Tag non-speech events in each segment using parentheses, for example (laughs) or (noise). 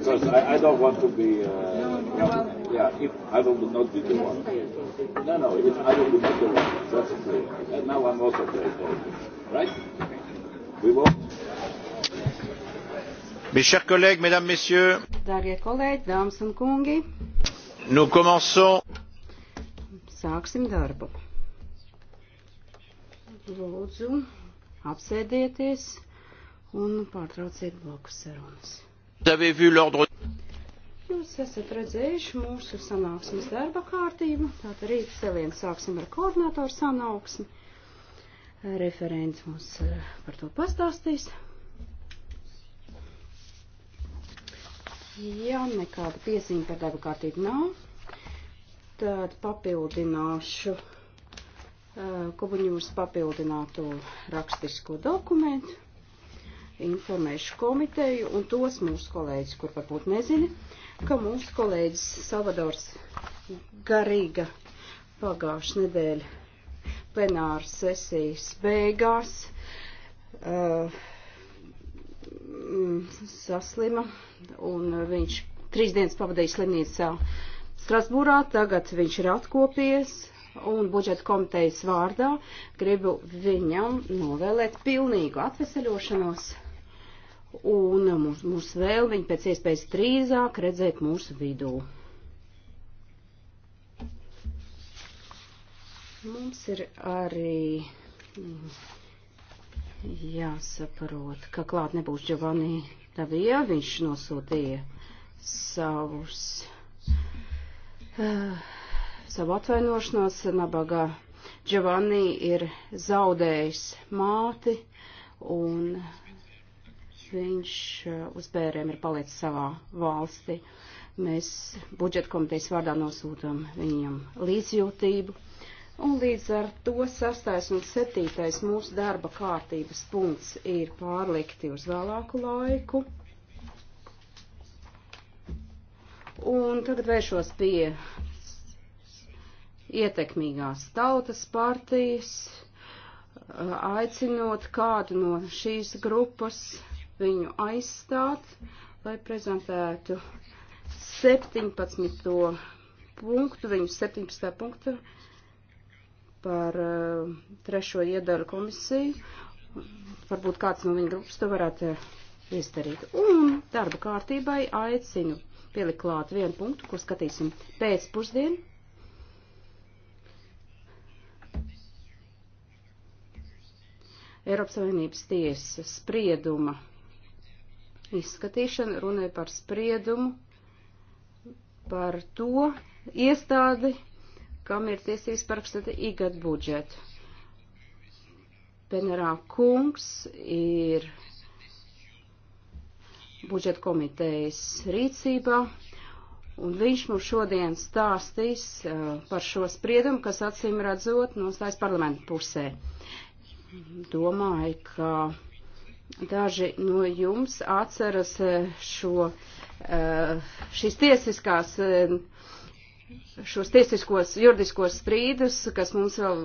because I, I don't want to be. Uh, no, no, yeah, if I will not be the one. No, no, if I will be not the one. That's clear. And now I'm also playing Right? We will. Mes chers collègues, mesdames, messieurs, Darbie kolēģi, dāmas un kungi, nous commençons. Sāksim darbu. Lūdzu, apsēdieties un pārtrauciet bloku sarunas. Jūs esat redzējuši mūsu sanāksmes darba kārtību. Tātad rīt cēlien sāksim ar koordinātoru sanāksmi. Referents mums eh, par to pastāstīs. Ja nekāda piezīme par darba kārtību nav, tad papildināšu eh, Kubuņūras papildināto rakstisko dokumentu informēšu komiteju un tos mūsu kolēģis, kur varbūt nezina, ka mūsu kolēģis Salvadors Garīga pagājušā nedēļa plenāras sesijas beigās uh, saslima un viņš trīs dienas pavadīja slimnīcā Strasbūrā, tagad viņš ir atkopies un budžeta komitejas vārdā gribu viņam novēlēt pilnīgu atveseļošanos un mūsu mūs vēlmiņu pēc iespējas drīzāk redzēt mūsu vidū. Mums ir arī mm, jāsaprot, ka klāt nebūs Giovanni Davija, viņš nosūtīja savus, uh, savu atvainošanos nabagā. Giovanni ir zaudējis māti un viņš uh, uz bēriem ir palicis savā valstī. Mēs budžeta komitejas vārdā nosūtām viņam līdzjūtību. Un līdz ar to sastais un septītais mūsu darba kārtības punkts ir pārlikti uz vēlāku laiku. Un tagad vēršos pie ietekmīgās tautas partijas, uh, aicinot kādu no šīs grupas viņu aizstāt, lai prezentētu 17. punktu, viņu 17. punktu par uh, trešo iedaļu komisiju. Varbūt kāds no viņa grupas to varētu izdarīt. Un darba kārtībai aicinu pielikt klāt vienu punktu, ko skatīsim pēcpusdienu. Eiropas Savienības tiesas sprieduma izskatīšanu, runa ir par spriedumu, par to iestādi, kam ir tiesības parakstīt igad budžetu. Penerā kungs ir budžeta komitejas rīcībā, un viņš mums šodien stāstīs uh, par šo spriedumu, kas acīm redzot nostājas parlamentu pusē. Domāju, ka Daži no jums atceras eh, šo, eh, šīs tiesiskās, eh, šos tiesiskos juridiskos strīdus, kas mums vēl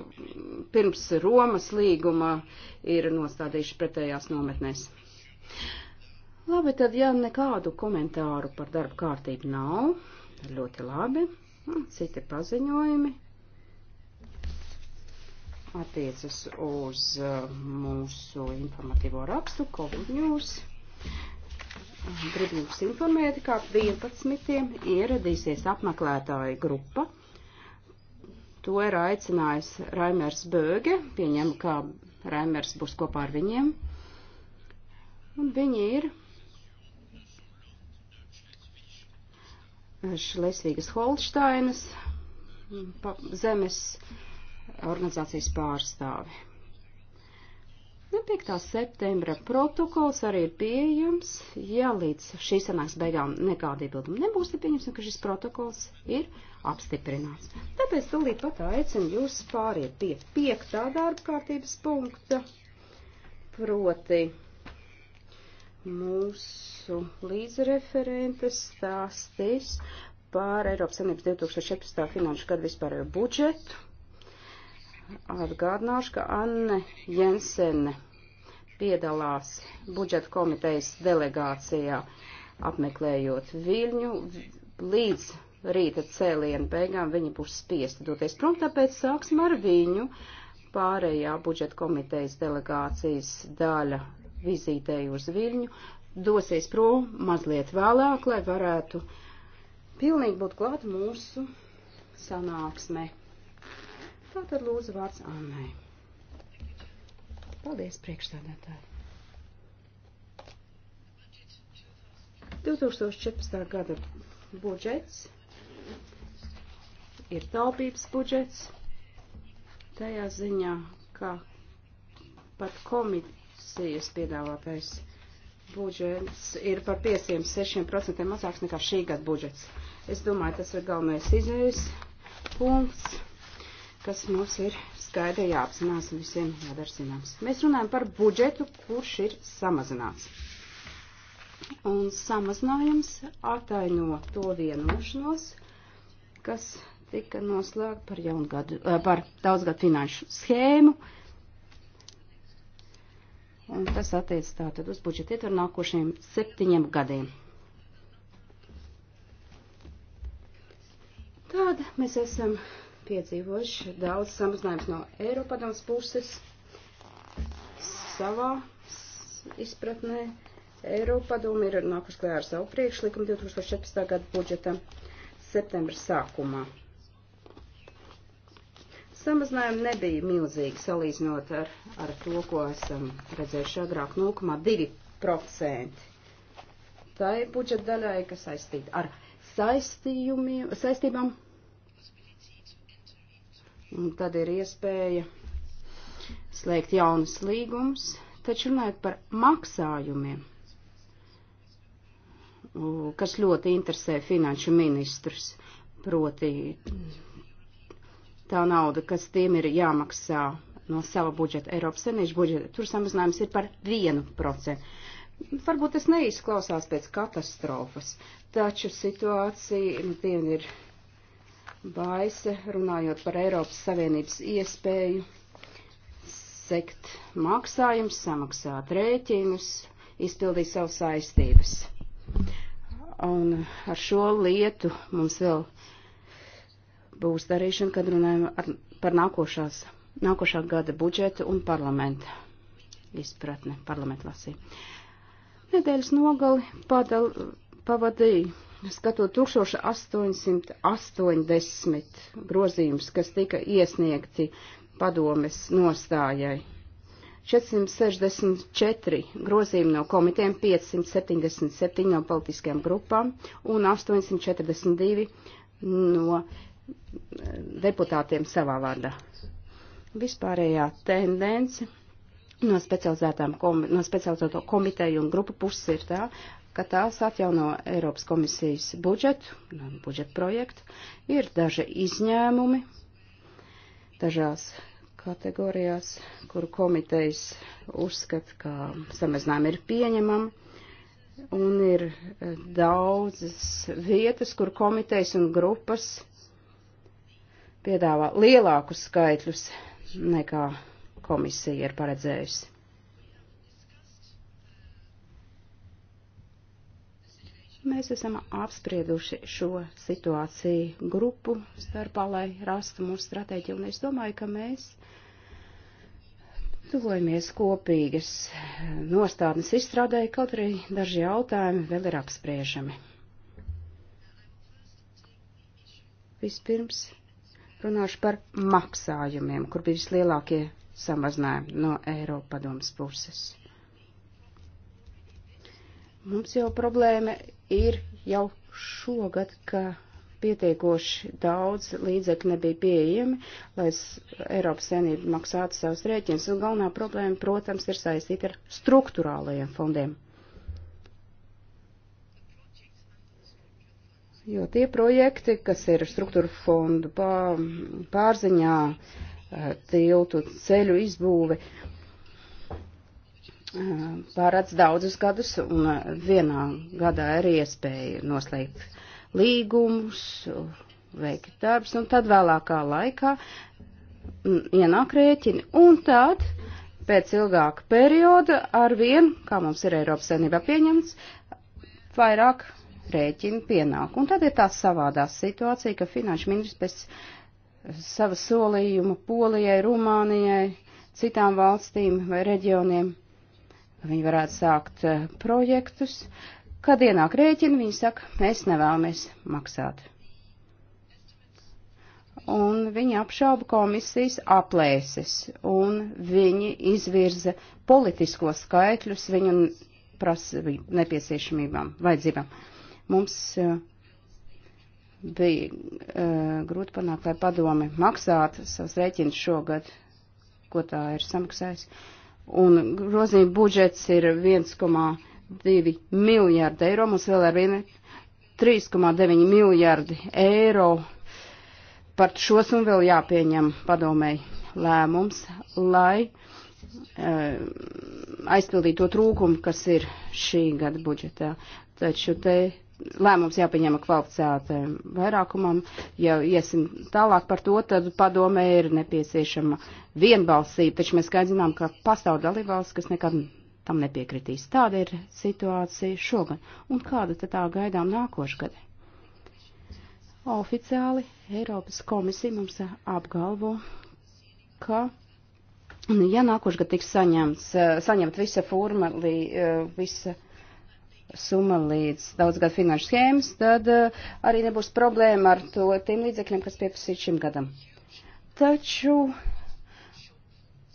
pirms Romas līguma ir nostādījuši pretējās nometnēs. Labi, tad ja nekādu komentāru par darba kārtību nav, ļoti labi. Citi paziņojumi attiecas uz uh, mūsu informatīvo rakstu COVID News. Gribu jums informēt, ka 11. ieradīsies apmeklētāju grupa. To ir aicinājis Raimers Böge, pieņem, ka Raimers būs kopā ar viņiem. Un viņi ir Šlesvīgas Holštainas zemes organizācijas pārstāvi. Nu, 5. septembra protokols arī ir pieejams. Ja līdz šīs sanāks beigām nekāda iebilduma nebūs, tad pieņemsim, ka šis protokols ir apstiprināts. Tāpēc tūlīt pat aicinu jūs pāriet pie 5. darba kārtības punkta, proti mūsu līdzreferentes stāstīs par Eiropas Savienības 2014. finanšu gadu vispārējo budžetu Atgādināšu, ka Anne Jensene piedalās budžeta komitejas delegācijā, apmeklējot Viļņu līdz rīta cēlienu beigām viņi būs spiesti doties prom, tāpēc sāksim ar viņu. Pārējā budžeta komitejas delegācijas daļa vizītēja uz Viļņu, dosies prom mazliet vēlāk, lai varētu pilnīgi būt klāt mūsu sanāksmē. Tātad lūdzu vārds Annai. Paldies, priekšstādātāji. 2014. gada budžets ir taupības budžets tajā ziņā, ka pat komisijas piedāvātais budžets ir par 5-6% mazāks nekā šī gada budžets. Es domāju, tas ir galvenais izējas punkts kas mums ir skaidri jāapzinās un visiem jādara zināms. Mēs runājam par budžetu, kurš ir samazināts. Un samazinājums ataino to vienošanos, kas tika noslēgta par, jaungadu, par daudzgadu finanšu schēmu. Un tas attiec tātad uz budžetu ietvaru nākošajiem septiņiem gadiem. Tāda mēs esam piedzīvojuši daudz samazinājums no Eiropadoms puses savā izpratnē. Eiropadoma ir nākuši klējā ar savu priekšlikumu 2014. gada budžeta septembra sākumā. Samazinājumi nebija milzīgi salīdzinot ar, ar to, ko esam redzējuši agrāk 0,2%. Tā ir budžeta daļai, kas saistīta ar saistībām un tad ir iespēja slēgt jaunas līgumus, taču runājot par maksājumiem, kas ļoti interesē finanšu ministrus, proti tā nauda, kas tiem ir jāmaksā no sava budžeta, Eiropas senīšu budžeta, tur samazinājums ir par vienu procentu. Varbūt tas neizklausās pēc katastrofas, taču situācija tiem ir Baise, runājot par Eiropas Savienības iespēju sekt maksājumus, samaksāt rēķinus, izpildīt savas saistības. Un ar šo lietu mums vēl būs darīšana, kad runājam ar, par nākošās, nākošā gada budžetu un parlamentu izpratne, parlamentu lasību. Nedēļas nogali padal, pavadīja Skatot 1880 grozījumus, kas tika iesniegti padomes nostājai, 464 grozījumi no komitēm, 577 no politiskajām grupām un 842 no eh, deputātiem savā vārdā. Vispārējā tendence no specializētām kom no specializēto komiteju un grupu puses ir tā, ka tās atjauno Eiropas komisijas budžetu, nu, budžetu projektu. Ir daži izņēmumi dažās kategorijās, kuru komitejas uzskata, ka samazinājumi ir pieņemami. Un ir e, daudzas vietas, kur komitejas un grupas piedāvā lielākus skaitļus nekā komisija ir paredzējusi. Mēs esam apsprieduši šo situāciju grupu starpā, lai rastu mūsu stratēģiju, un es domāju, ka mēs tuvojamies kopīgas nostādnes izstrādē, kaut arī daži jautājumi vēl ir apspriežami. Vispirms runāšu par maksājumiem, kur bija vislielākie samazinājumi no Eiropa padomas puses. Mums jau problēma ir jau šogad, ka pietiekoši daudz līdzekļu nebija pieejami, lai Eiropas Savienība maksātu savus rēķinus. Un galvenā problēma, protams, ir saistīta ar struktūrālajiem fondiem. Jo tie projekti, kas ir struktūra fondu pārziņā, eh, tiltu ceļu izbūve, pārēc daudzus gadus, un vienā gadā ir iespēja noslēgt līgumus, veikt darbs, un tad vēlākā laikā ienāk rēķini, un tad pēc ilgāka perioda ar vien, kā mums ir Eiropas saimnībā pieņemts, vairāk rēķini pienāk. Un tad ir tā savādā situācija, ka finanšu ministrs pēc sava solījuma Polijai, Rumānijai, citām valstīm vai reģioniem viņi varētu sākt eh, projektus. Kad ienāk rēķini, viņi saka, mēs nevēlamies maksāt. Un viņi apšauba komisijas aplēses, un viņi izvirza politisko skaitļus viņu prasību nepieciešamībām, vajadzībām. Mums uh, bija uh, grūti panākt, lai padome maksātu savus rēķinus šogad, ko tā ir samaksājusi. Uh, un grozījuma budžets ir 1,2 miljārdi eiro. Mums vēl ar vienu 3,9 miljārdi eiro par šo summu vēl jāpieņem padomēji lēmums, lai uh, aizpildītu to trūkumu, kas ir šī gada budžetā. Taču te lēmums jāpieņem kvalificētēm vairākumam. Ja iesim tālāk par to, tad padomē ir nepieciešama vienbalsība, taču mēs skaidri zinām, ka pastāv dalībvalsts, kas nekad tam nepiekritīs. Tāda ir situācija šogad. Un kāda tad tā gaidām nākošgad? Oficiāli Eiropas komisija mums apgalvo, ka ja nākošgad tiks saņemts, eh, saņemt visa formulī, eh, visa summa līdz daudzgad finanšu schēmas, tad eh, arī nebūs problēma ar to tiem līdzekļiem, kas pieprasīt šim gadam. Taču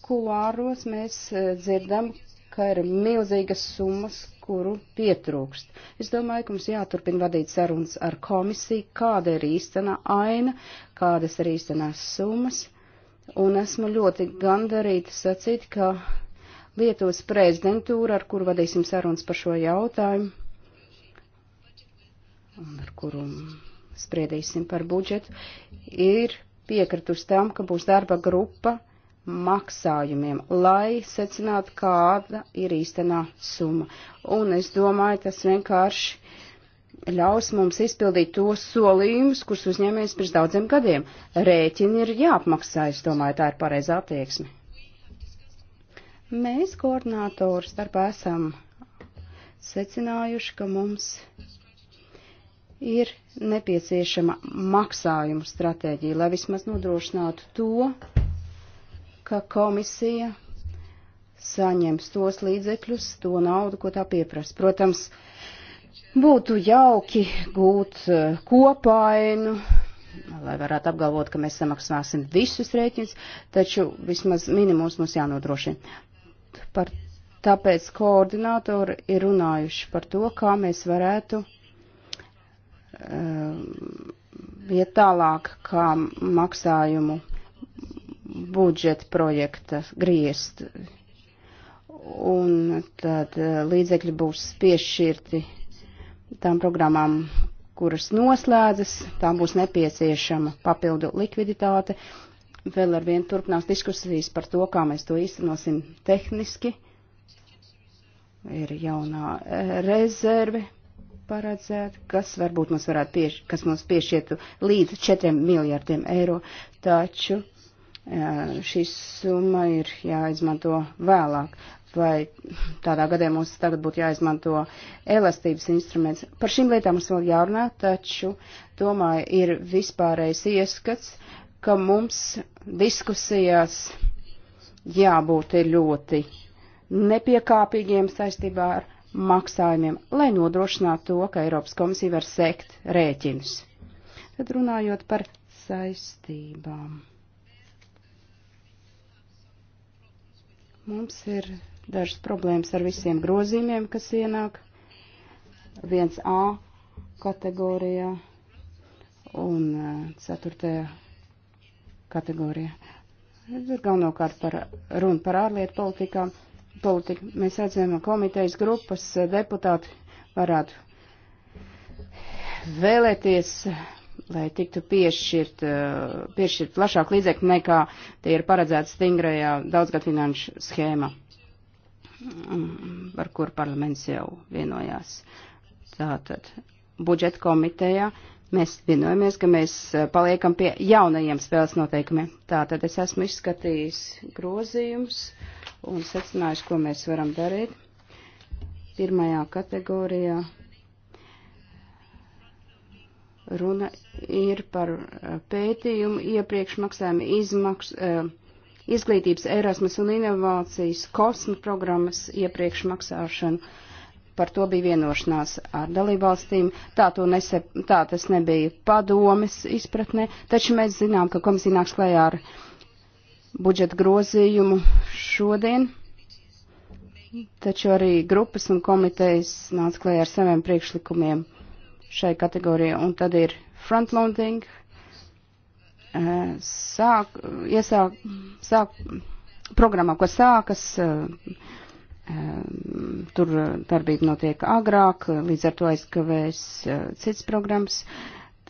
kulāros mēs eh, dzirdam, ka ir milzīgas summas, kuru pietrūkst. Es domāju, ka mums jāturpina vadīt sarunas ar komisiju, kāda ir īstenā aina, kādas ir īstenās summas. Un esmu ļoti gandarīta sacīt, ka Lietuvas prezidentūra, ar kuru vadīsim sarunas par šo jautājumu un ar kuru spriedīsim par budžetu, ir piekritus tam, ka būs darba grupa maksājumiem, lai secinātu, kāda ir īstenā summa. Un es domāju, tas vienkārši ļaus mums izpildīt tos solījumus, kurus uzņēmējs pirms daudziem gadiem. Rēķini ir jāapmaksā, es domāju, tā ir pareizā attieksme. Mēs koordinātoru starpā esam secinājuši, ka mums ir nepieciešama maksājuma stratēģija, lai vismaz nodrošinātu to, ka komisija saņems tos līdzekļus, to naudu, ko tā pieprasa. Protams, būtu jauki gūt eh, kopainu, lai varētu apgalvot, ka mēs samaksāsim visus rēķins, taču vismaz minimums mums jānodrošina par, tāpēc koordinātori ir runājuši par to, kā mēs varētu um, iet tālāk kā maksājumu budžeta projekta griezt. Un tad eh, līdzekļi būs piešķirti tām programmām, kuras noslēdzas, tām būs nepieciešama papildu likviditāte, vēl ar vienu turpinās diskusijas par to, kā mēs to īstenosim tehniski. Ir jaunā eh, rezerve paredzēta, kas varbūt mums varētu pieš, kas mums piešietu līdz 4 miljardiem eiro, taču eh, šī summa ir jāizmanto vēlāk. Vai tādā gadījumā mums tagad būtu jāizmanto elastības instruments? Par šīm lietām mums vēl jārunā, taču, domāju, ir vispārējais ieskats, uh, ka mums diskusijās jābūt ļoti nepiekāpīgiem saistībā ar maksājumiem, lai nodrošinātu to, ka Eiropas komisija var sekt rēķinus. Tad runājot par saistībām. Mums ir dažas problēmas ar visiem grozījumiem, kas ienāk. Viens A kategorijā un eh, ceturtajā kategorija. Ir galvenokārt par runu par ārlietu politikām. Politika. Mēs redzam, komitejas grupas deputāti varētu vēlēties, lai tiktu piešķirt, piešķirt plašāk līdzekļu nekā tie ir paredzēti stingrajā daudzgad finanšu schēmā, mm, par kur parlaments jau vienojās. Tātad budžeta komitejā Mēs vienojamies, ka mēs eh, paliekam pie jaunajiem spēles noteikumiem. Tātad es esmu izskatījis grozījums un secinājuši, ko mēs varam darīt. Pirmajā kategorijā runa ir par eh, pētījumu iepriekš maksājumu izmaksu, eh, izglītības Erasmus un inovācijas kosma programmas iepriekš maksāšanu par to bija vienošanās ar dalībvalstīm. Tā, nese, tā tas nebija padomes izpratnē, taču mēs zinām, ka komisija nāks klajā ar budžeta grozījumu šodien. Taču arī grupas un komitejas nāca klajā ar saviem priekšlikumiem šai kategorijai. Un tad ir frontloading, eh, sāk, iesāk, sāk, programmā, ko sākas eh, Ehm, tur eh, darbība notiek agrāk, līdz ar to aizkavēs eh, cits programmas.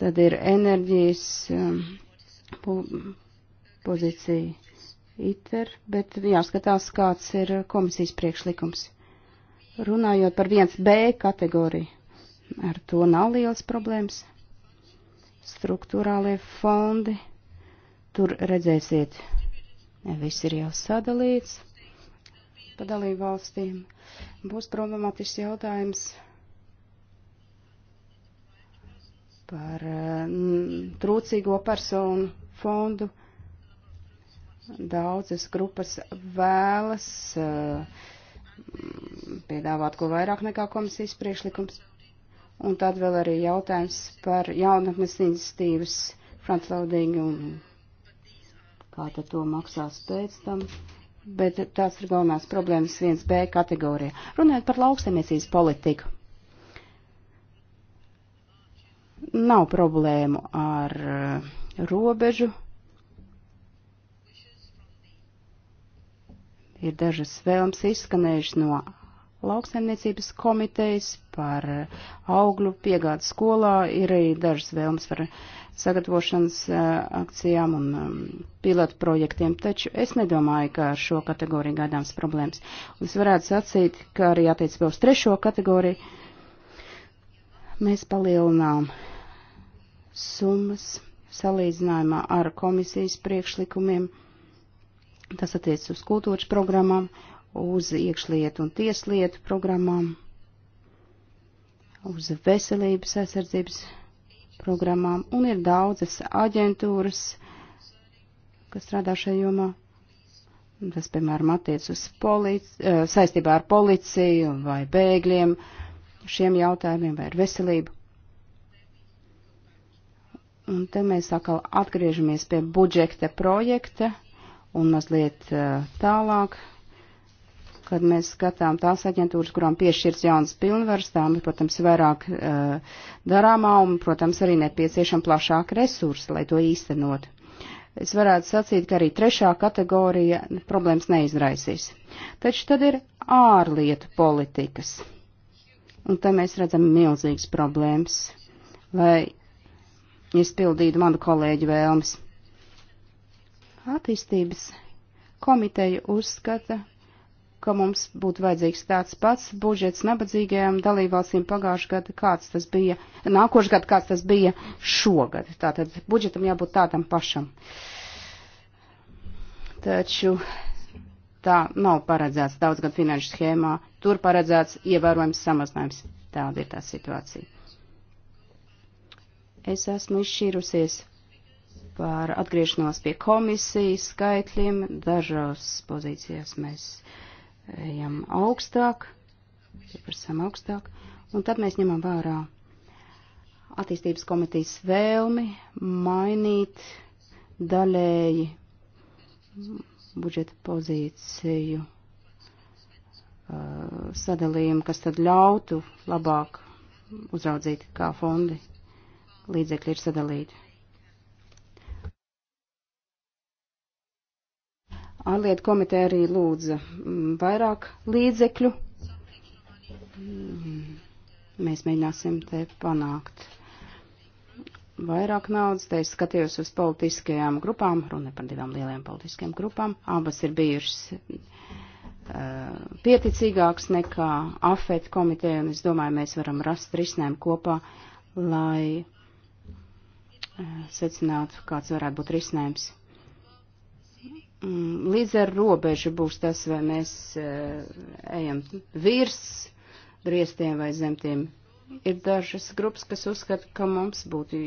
Tad ir enerģijas ehm, pozīcija ITER, bet jāskatās, kāds ir komisijas priekšlikums. Runājot par 1B kategoriju, ar to nav liels problēmas. Struktūrālie fondi, tur redzēsiet, viss ir jau sadalīts pa dalību valstīm. Būs problematisks jautājums par eh, trūcīgo personu fondu. Daudzas grupas vēlas eh, piedāvāt ko vairāk nekā komisijas priekšlikums. Un tad vēl arī jautājums par jaunatnes iniciatīvas frontloading un kā tad to maksās pēc tam bet tās ir galvenās problēmas 1B kategorijā. Runājot par lauksaimniecības politiku. Nav problēmu ar eh, robežu. Ir dažas vēlms izskanējušas no lauksaimniecības komitejas par eh, augļu piegādu skolā, ir arī dažas vēlms par uh, sagatavošanas eh, akcijām un um, pilotu projektiem, taču es nedomāju, ka ar šo kategoriju gaidāms problēmas. Un es varētu sacīt, ka arī attiecībā uz trešo kategoriju mēs palielinām summas salīdzinājumā ar komisijas priekšlikumiem. Tas attiec uz kultūras programmām, uz iekšlietu un tieslietu programmām, uz veselības aizsardzības programmām programmām, un ir daudzas aģentūras, kas strādā šajā jomā. Tas, piemēram, attiec uz polici, eh, saistībā ar policiju vai bēgļiem, šiem jautājumiem vai ar veselību. Un te mēs atkal atgriežamies pie budžeta projekta un mazliet eh, tālāk Kad mēs skatām tās aģentūras, kurām piešķirs jaunas pilnvaras, tām ir, protams, vairāk uh, darāmā un, protams, arī nepieciešama plašāka resursa, lai to īstenot. Es varētu sacīt, ka arī trešā kategorija problēmas neizraisīs. Taču tad ir ārlietu politikas. Un te mēs redzam milzīgas problēmas, lai izpildītu manu kolēģu vēlmes. Attīstības komiteja uzskata, ka mums būtu vajadzīgs tāds pats budžets nabadzīgajām dalībvalstīm pagājušajā gadā, kāds tas bija, nākošajā gadā, kāds tas bija šogad. Tātad budžetam jābūt tādam pašam. Taču tā nav paredzēts daudzgad finanšu schēmā. Tur paredzēts ievērojams samazinājums. Tāda ir tā situācija. Es esmu izšķīrusies par atgriešanos pie komisijas skaitļiem. Dažās pozīcijās mēs. Uh, ejam augstāk, pieprasām augstāk, un tad mēs ņemam vērā attīstības komitejas vēlmi mainīt daļēji budžeta pozīciju uh, sadalījumu, kas tad ļautu labāk uzraudzīt, kā fondi līdzekļi ir sadalīti. Ārlietu komiteja arī lūdza mm, vairāk līdzekļu. Mm, mēs mēģināsim te panākt vairāk naudas. Te es skatījos uz politiskajām grupām, runa par divām lielajām politiskajām grupām. Abas ir bijušas uh, eh, pieticīgāks nekā AFET komiteja, un es domāju, mēs varam rast risinājumu kopā, lai eh, secinātu, kāds varētu būt risinājums Mm, līdz ar robežu būs tas, vai mēs eh, ejam virs griestiem vai zemtiem. Ir dažas grupas, kas uzskata, ka mums būtu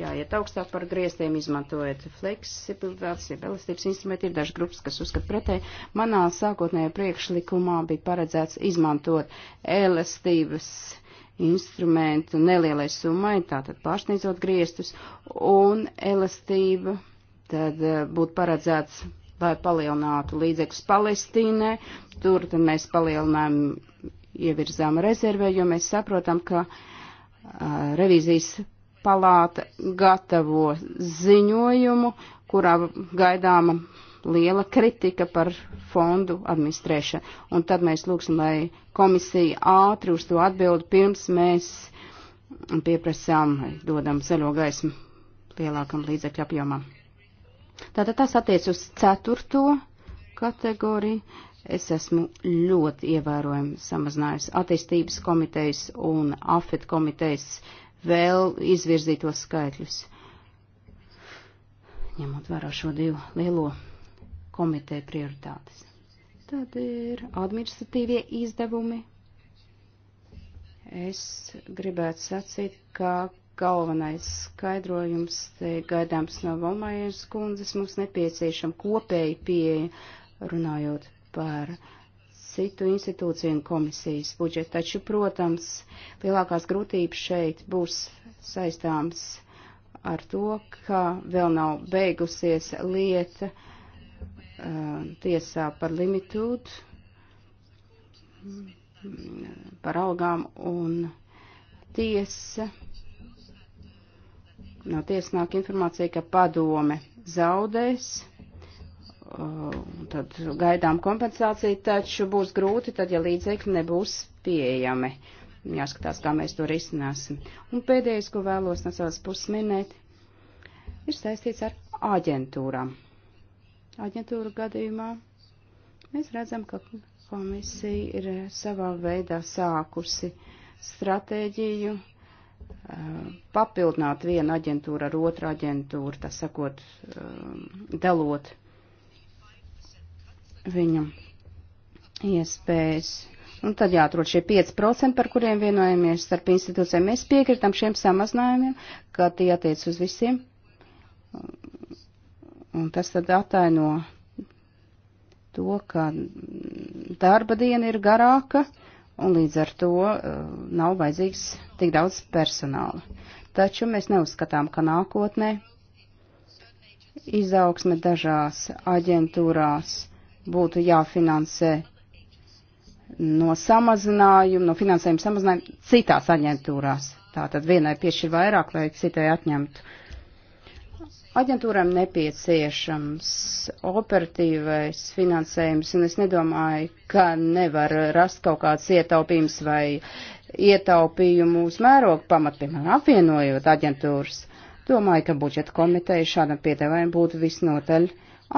jāiet augstāk par griestiem, izmantojot fleksibilitātes, ja elastības instrumenti. Ir dažas grupas, kas uzskata pretēji. Manā sākotnējā priekšlikumā bija paredzēts izmantot elastības instrumentu nelielai summai, tātad pārsniedzot griestus, un elastība tad eh, būtu paredzēts, lai palielinātu līdzekļus Palestīnai. Tur tad mēs palielinājām, ievirzām rezervē, jo mēs saprotam, ka uh, revīzijas palāta gatavo ziņojumu, kurā gaidāma liela kritika par fondu administrēšanu. Un tad mēs lūgsim, lai komisija ātri uz to atbildi, pirms mēs pieprasām, dodam zaļo gaismu lielākam līdzekļu apjomam. Tātad tas attiec uz ceturto kategoriju. Es esmu ļoti ievērojami samazinājusi attīstības komitejas un AFET komitejas vēl izvirzītos skaitļus. Ņemot vērā šo divu lielo komiteju prioritātes. Tad ir administratīvie izdevumi. Es gribētu sacīt, ka galvenais skaidrojums te gaidāms no Vomairas kundzes. Mums nepieciešama kopēja pieeja runājot par citu institūciju un komisijas budžetu. Taču, protams, lielākās grūtības šeit būs saistāms ar to, ka vēl nav beigusies lieta uh, tiesā par limitūdu, par algām un tiesa no tiesas nāk informācija, ka padome zaudēs, uh, tad gaidām kompensāciju, taču būs grūti, tad, ja līdzekļi nebūs pieejami. Jāskatās, kā mēs to risināsim. Un pēdējais, ko vēlos no savas puses minēt, ir saistīts ar aģentūrām. Aģentūra gadījumā mēs redzam, ka komisija ir savā veidā sākusi stratēģiju, uh, Uh, papildināt vienu aģentūru ar otru aģentūru, tā sakot, uh, dalot viņam iespējas. Un tad jāatrod šie 5%, par kuriem vienojamies starp institūcijiem. Mēs piekritam šiem samazinājumiem, ka tie attiec uz visiem. Un tas tad ataino to, ka darba diena ir garāka. Uh, un līdz ar to eh, nav vajadzīgs tik daudz personāla. Taču mēs neuzskatām, ka nākotnē izaugsme dažās aģentūrās būtu jāfinansē no samazinājuma, no finansējuma samazinājuma citās aģentūrās. Tātad vienai piešķir vairāk, lai citai atņemtu. Aģentūram nepieciešams operatīvais finansējums, un es nedomāju, ka nevar rast kaut kāds ietaupījums vai ietaupījumu uz mērogu pamatu, piemēram, apvienojot aģentūras. Domāju, ka budžeta komiteja šādam piedāvājumam būtu visnotaļ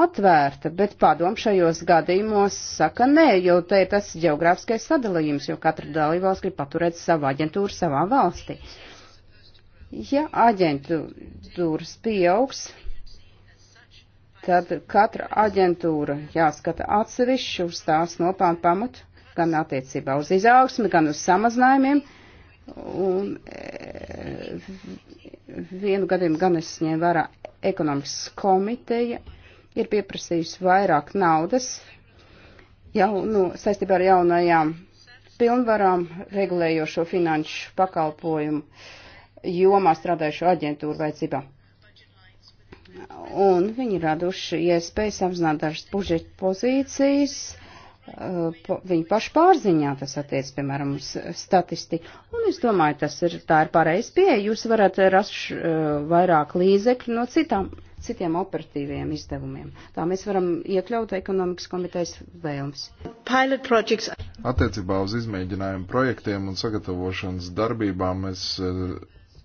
atvērta, bet padom šajos gadījumos saka nē, jo te ir tas geogrāfiskais sadalījums, jo katra dalībvalsts grib paturēt savu aģentūru savā valstī. Ja aģentūras pieaugs, tad katra aģentūra jāskata atsevišķi uz tās nopelnu pamatu, gan attiecībā uz izaugsmi, gan uz samazinājumiem. Un e, vienu gadījumu gan es ņēmu vērā ekonomikas komiteja ir pieprasījusi vairāk naudas jaunu, saistībā ar jaunajām pilnvarām regulējošo finanšu pakalpojumu uh, jomā strādājušo aģentūru vajadzībām. Un viņi raduši iespēju samazināt dažas budžeta pozīcijas, uh, viņu pašu pārziņā tas attiec, piemēram, uz statistiku. Un es domāju, tas ir, tā ir pareiz pieeja. Jūs varat rast uh, vairāk līdzekļu no citām, citiem operatīviem izdevumiem. Tā mēs varam iekļaut ekonomikas komitejas vēlmes. Attiecībā uz izmēģinājumu projektiem un sagatavošanas darbībām mēs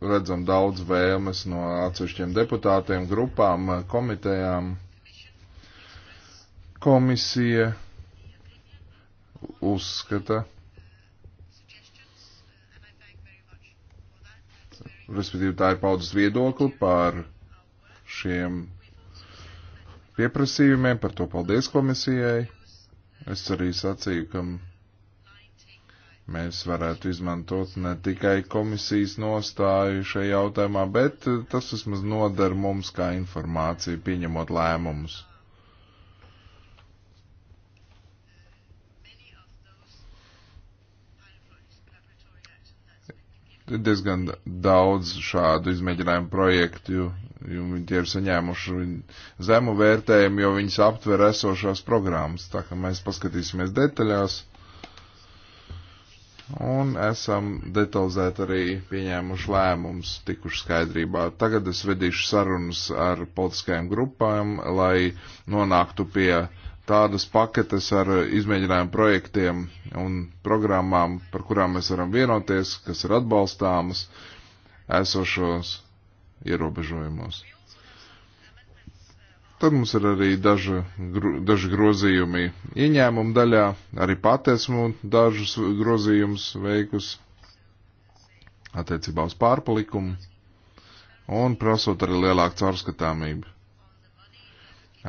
redzam daudz vēlmes no atsevišķiem deputātiem, grupām, komitejām. Komisija uzskata, respektīvi tā ir paudzes viedokli par šiem pieprasījumiem, par to paldies komisijai. Es arī sacīju, kam mēs varētu izmantot ne tikai komisijas nostāju šajā jautājumā, bet eh, tas vismaz noder mums kā informācija pieņemot lēmumus. Ir diezgan daudz šādu izmēģinājumu projektu, jo tie ir saņēmuši zemu vērtējumu, jo viņas aptver esošās programmas. Tā kā mēs paskatīsimies detaļās un esam detalizēti arī pieņēmuši lēmumus, tikuši skaidrībā. Tagad es vedīšu sarunas ar politiskajām grupām, lai nonāktu pie tādas paketes ar izmēģinājumu projektiem un programmām, par kurām mēs varam vienoties, kas ir atbalstāmas esošos ierobežojumos. Tad mums ir arī daži, daži grozījumi ieņēmumu daļā, arī pat esmu dažus grozījumus veikus attiecībā uz pārpalikumu un prasot arī lielāku caurskatāmību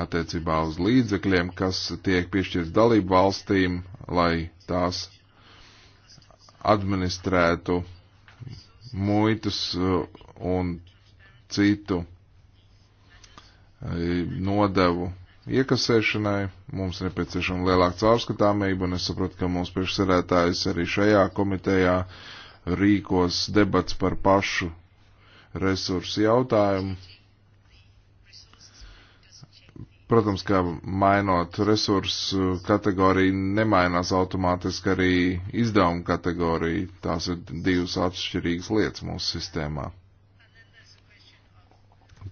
attiecībā uz līdzekļiem, kas tiek piešķirts dalību valstīm, lai tās administrētu muitas uh, un citu nodevu iekasēšanai. Mums nepieciešama lielāka caurskatāmība, un es saprotu, ka mūsu priekšsēdētājs arī šajā komitejā rīkos debats par pašu resursu jautājumu. Protams, ka mainot resursu kategoriju, nemainās automātiski arī izdevuma kategorija. Tās ir divas atšķirīgas lietas mūsu sistēmā.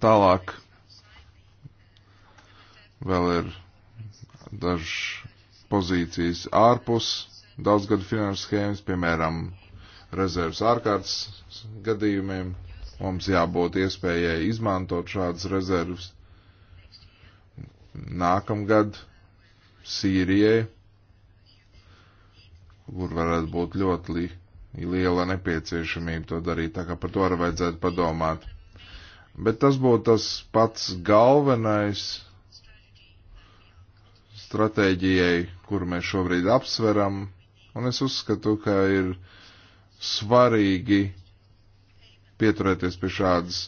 Tālāk Vēl ir dažas pozīcijas ārpus daudzgadu finanšu schēmas, piemēram, rezerves ārkārtas gadījumiem. Mums jābūt iespējai izmantot šādas rezerves nākamgad Sīrijai, kur varētu būt ļoti li liela nepieciešamība to darīt, tā kā par to arī vajadzētu padomāt. Bet tas būtu tas pats galvenais stratēģijai, kuru mēs šobrīd apsveram, un es uzskatu, ka ir svarīgi pieturēties pie šādas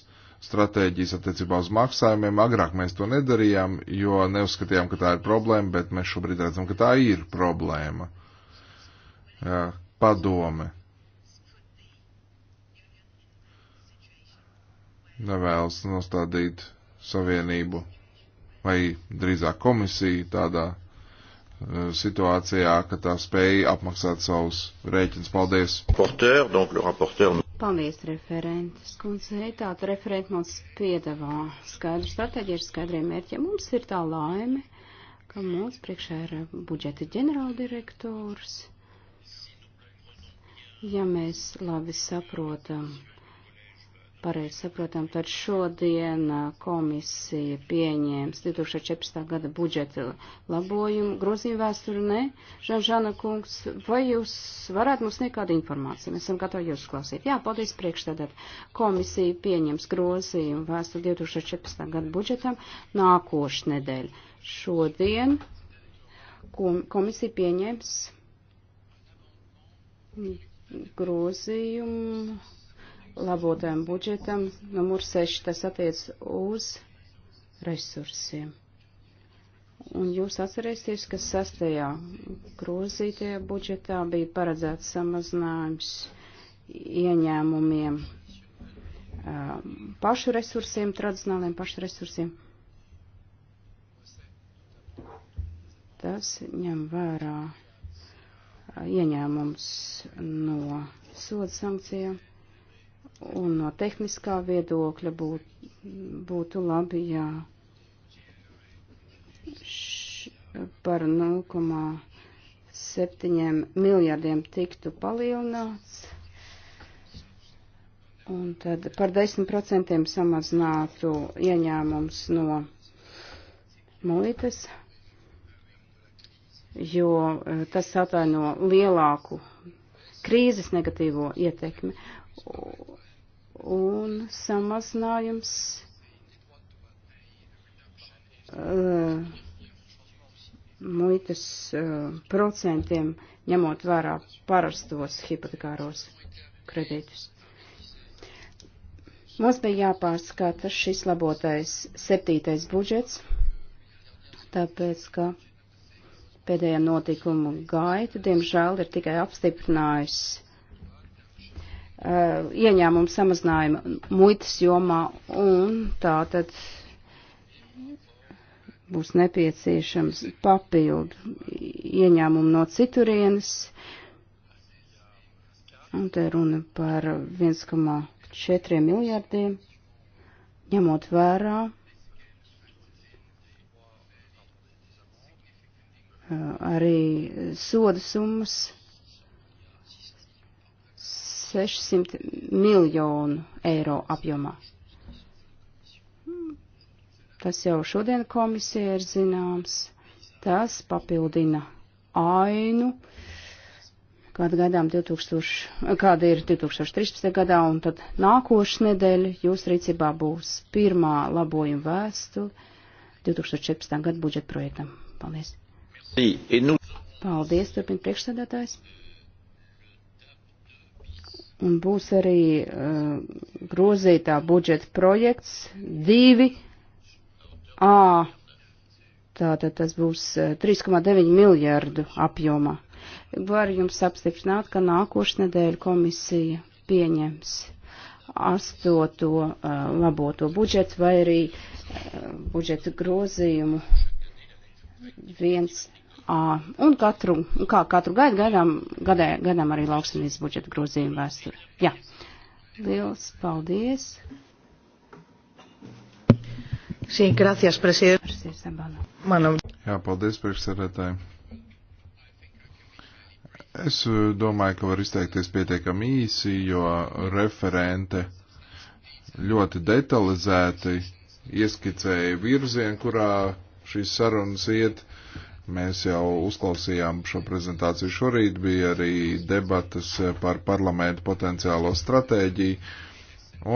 stratēģijas attiecībā uz maksājumiem. Agrāk mēs to nedarījām, jo neuzskatījām, ka tā ir problēma, bet mēs šobrīd redzam, ka tā ir problēma. Jā, padome. Nevēlas nostādīt savienību vai drīzāk komisija tādā e, situācijā, ka tā spēja apmaksāt savus rēķinus. Paldies! Porteur, donc le rapporteur... Paldies, referentes kundzei. Tātad referenti mums piedāvā skaidru stratēģiju ar skaidriem mērķiem. Mums ir tā laime, ka mums priekšā ir budžeta ģenerāldirektors. Ja mēs labi saprotam pareizi saprotam, tad šodien komisija pieņēms 2014. gada budžeta labojumu, grozījumu vēsturi, ne? Žanžana kungs, vai jūs varētu mums sniegt kādu informāciju? Mēs esam gatavi jūs klausīt. Jā, paldies priekšstādāt. Komisija pieņems grozījumu vēsturi 2014. gada budžetam nākošu nedēļu. Šodien komisija pieņems grozījumu labotajam budžetam. Numur 6 tas attiec uz resursiem. Un jūs atcerēsieties, ka sastajā grozītajā budžetā bija paredzēts samazinājums ieņēmumiem um, pašu resursiem, tradicionāliem pašu resursiem. Tas ņem vērā uh, ieņēmums no soda sankcijām. Un no tehniskā viedokļa būt, būtu labi, ja š, par 0,7 miljardiem tiktu palielināts. Un tad par 10% samazinātu ieņēmums no muitas, jo eh, tas ataino lielāku krīzes negatīvo ietekmi un samazinājums uh, muitas uh, procentiem, ņemot vērā parastos hipotekāros kredītus. Mums bija jāpārskata šis labotais septītais budžets, tāpēc, ka pēdējā notikumu gaita, diemžēl, ir tikai apstiprinājusi Uh, ieņēmumu samazinājumu muitas jomā, un tā tad būs nepieciešams papildu ieņēmumu no citurienes, un te runa par 1,4 miljārdiem, ņemot vērā uh, arī soda summas 600 miljonu eiro apjomā. Tas jau šodien komisija ir zināms. Tas papildina ainu, kāda gaidām 2000, kāda ir 2013. gadā, un tad nākošu nedēļu jūs rīcībā būs pirmā labojuma vēstule 2014. gada budžeta projektam. Paldies! Nu- Paldies, turpina priekšsēdētājs. Un būs arī uh, grozītā budžeta projekts 2A. Tātad tas būs 3,9 uh, miljardu apjomā. Varu jums apstiprināt, ka nākošais nedēļa komisija pieņems astoto uh, laboto budžetu vai arī uh, budžeta grozījumu 1 un katru, kā katru gadu gadām, gadē, gadām arī lauksimnības budžeta grozījuma vēsturi. Jā. Liels paldies. Sí, gracias, presidente. Manu. Jā, paldies, priekšsēdētāji. Es eh, domāju, ka var izteikties pietiekami īsi, jo referente ļoti detalizēti ieskicēja virzienu, kurā šīs sarunas iet. Mēs jau uzklausījām šo prezentāciju šorīt, bija arī debatas par parlamentu potenciālo stratēģiju.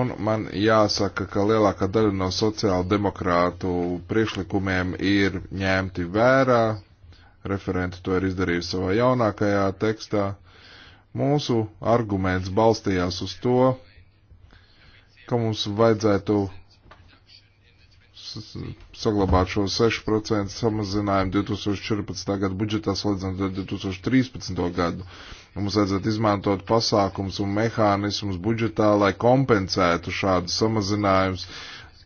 Un man jāsaka, ka lielākā daļa no sociāla demokrātu priekšlikumiem ir ņemti vērā. Referenti to ir izdarījuši savā jaunākajā tekstā. Mūsu arguments balstījās uz to, ka mums vajadzētu saglabāt šo 6% samazinājumu 2014. gada budžetā salīdzinot ar 2013. gadu. Mums vajadzētu izmantot pasākums un mehānismus budžetā, lai kompensētu šādus samazinājumus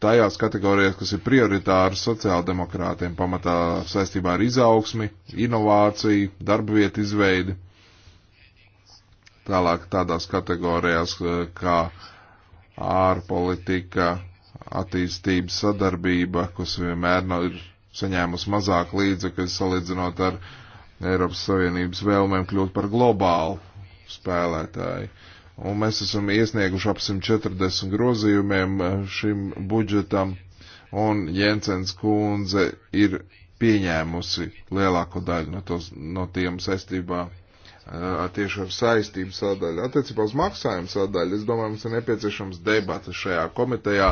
tajās kategorijās, kas ir prioritāras sociāldemokrātiem pamatā saistībā ar izaugsmi, inovāciju, darbvietu izveidi. Tālāk tādās kategorijās kā ārpolitika, attīstības sadarbība, kas vienmēr ir saņēmusi mazāk līdzekļu salīdzinot ar Eiropas Savienības vēlmēm kļūt par globālu spēlētāju. Un mēs esam iesnieguši ap 140 grozījumiem eh, šim budžetam, un Jensens kundze ir pieņēmusi lielāko daļu no, tos, no tiem saistībā tieši ar saistību sadaļu. Attiecībā uz maksājumu sadaļu, es domāju, mums ir nepieciešams debatas šajā komitejā,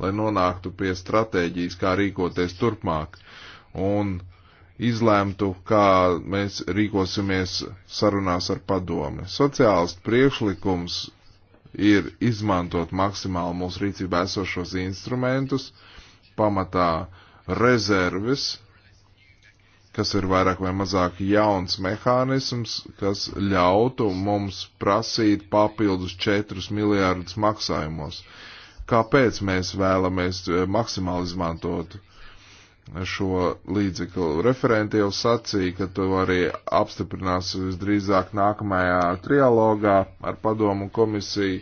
lai nonāktu pie stratēģijas, kā rīkoties turpmāk. Un izlēmtu, kā mēs rīkosimies sarunās ar padomi. Sociālistu priekšlikums ir izmantot maksimāli mūsu rīcībā esošos instrumentus, pamatā rezerves, kas ir vairāk vai mazāk jauns mehānisms, kas ļautu mums prasīt papildus 4 miljārdus maksājumos. Kāpēc mēs vēlamies eh, maksimāli izmantot šo līdzekli? Referenti jau sacīja, ka to arī apstiprinās visdrīzāk nākamajā trialogā ar padomu komisiju,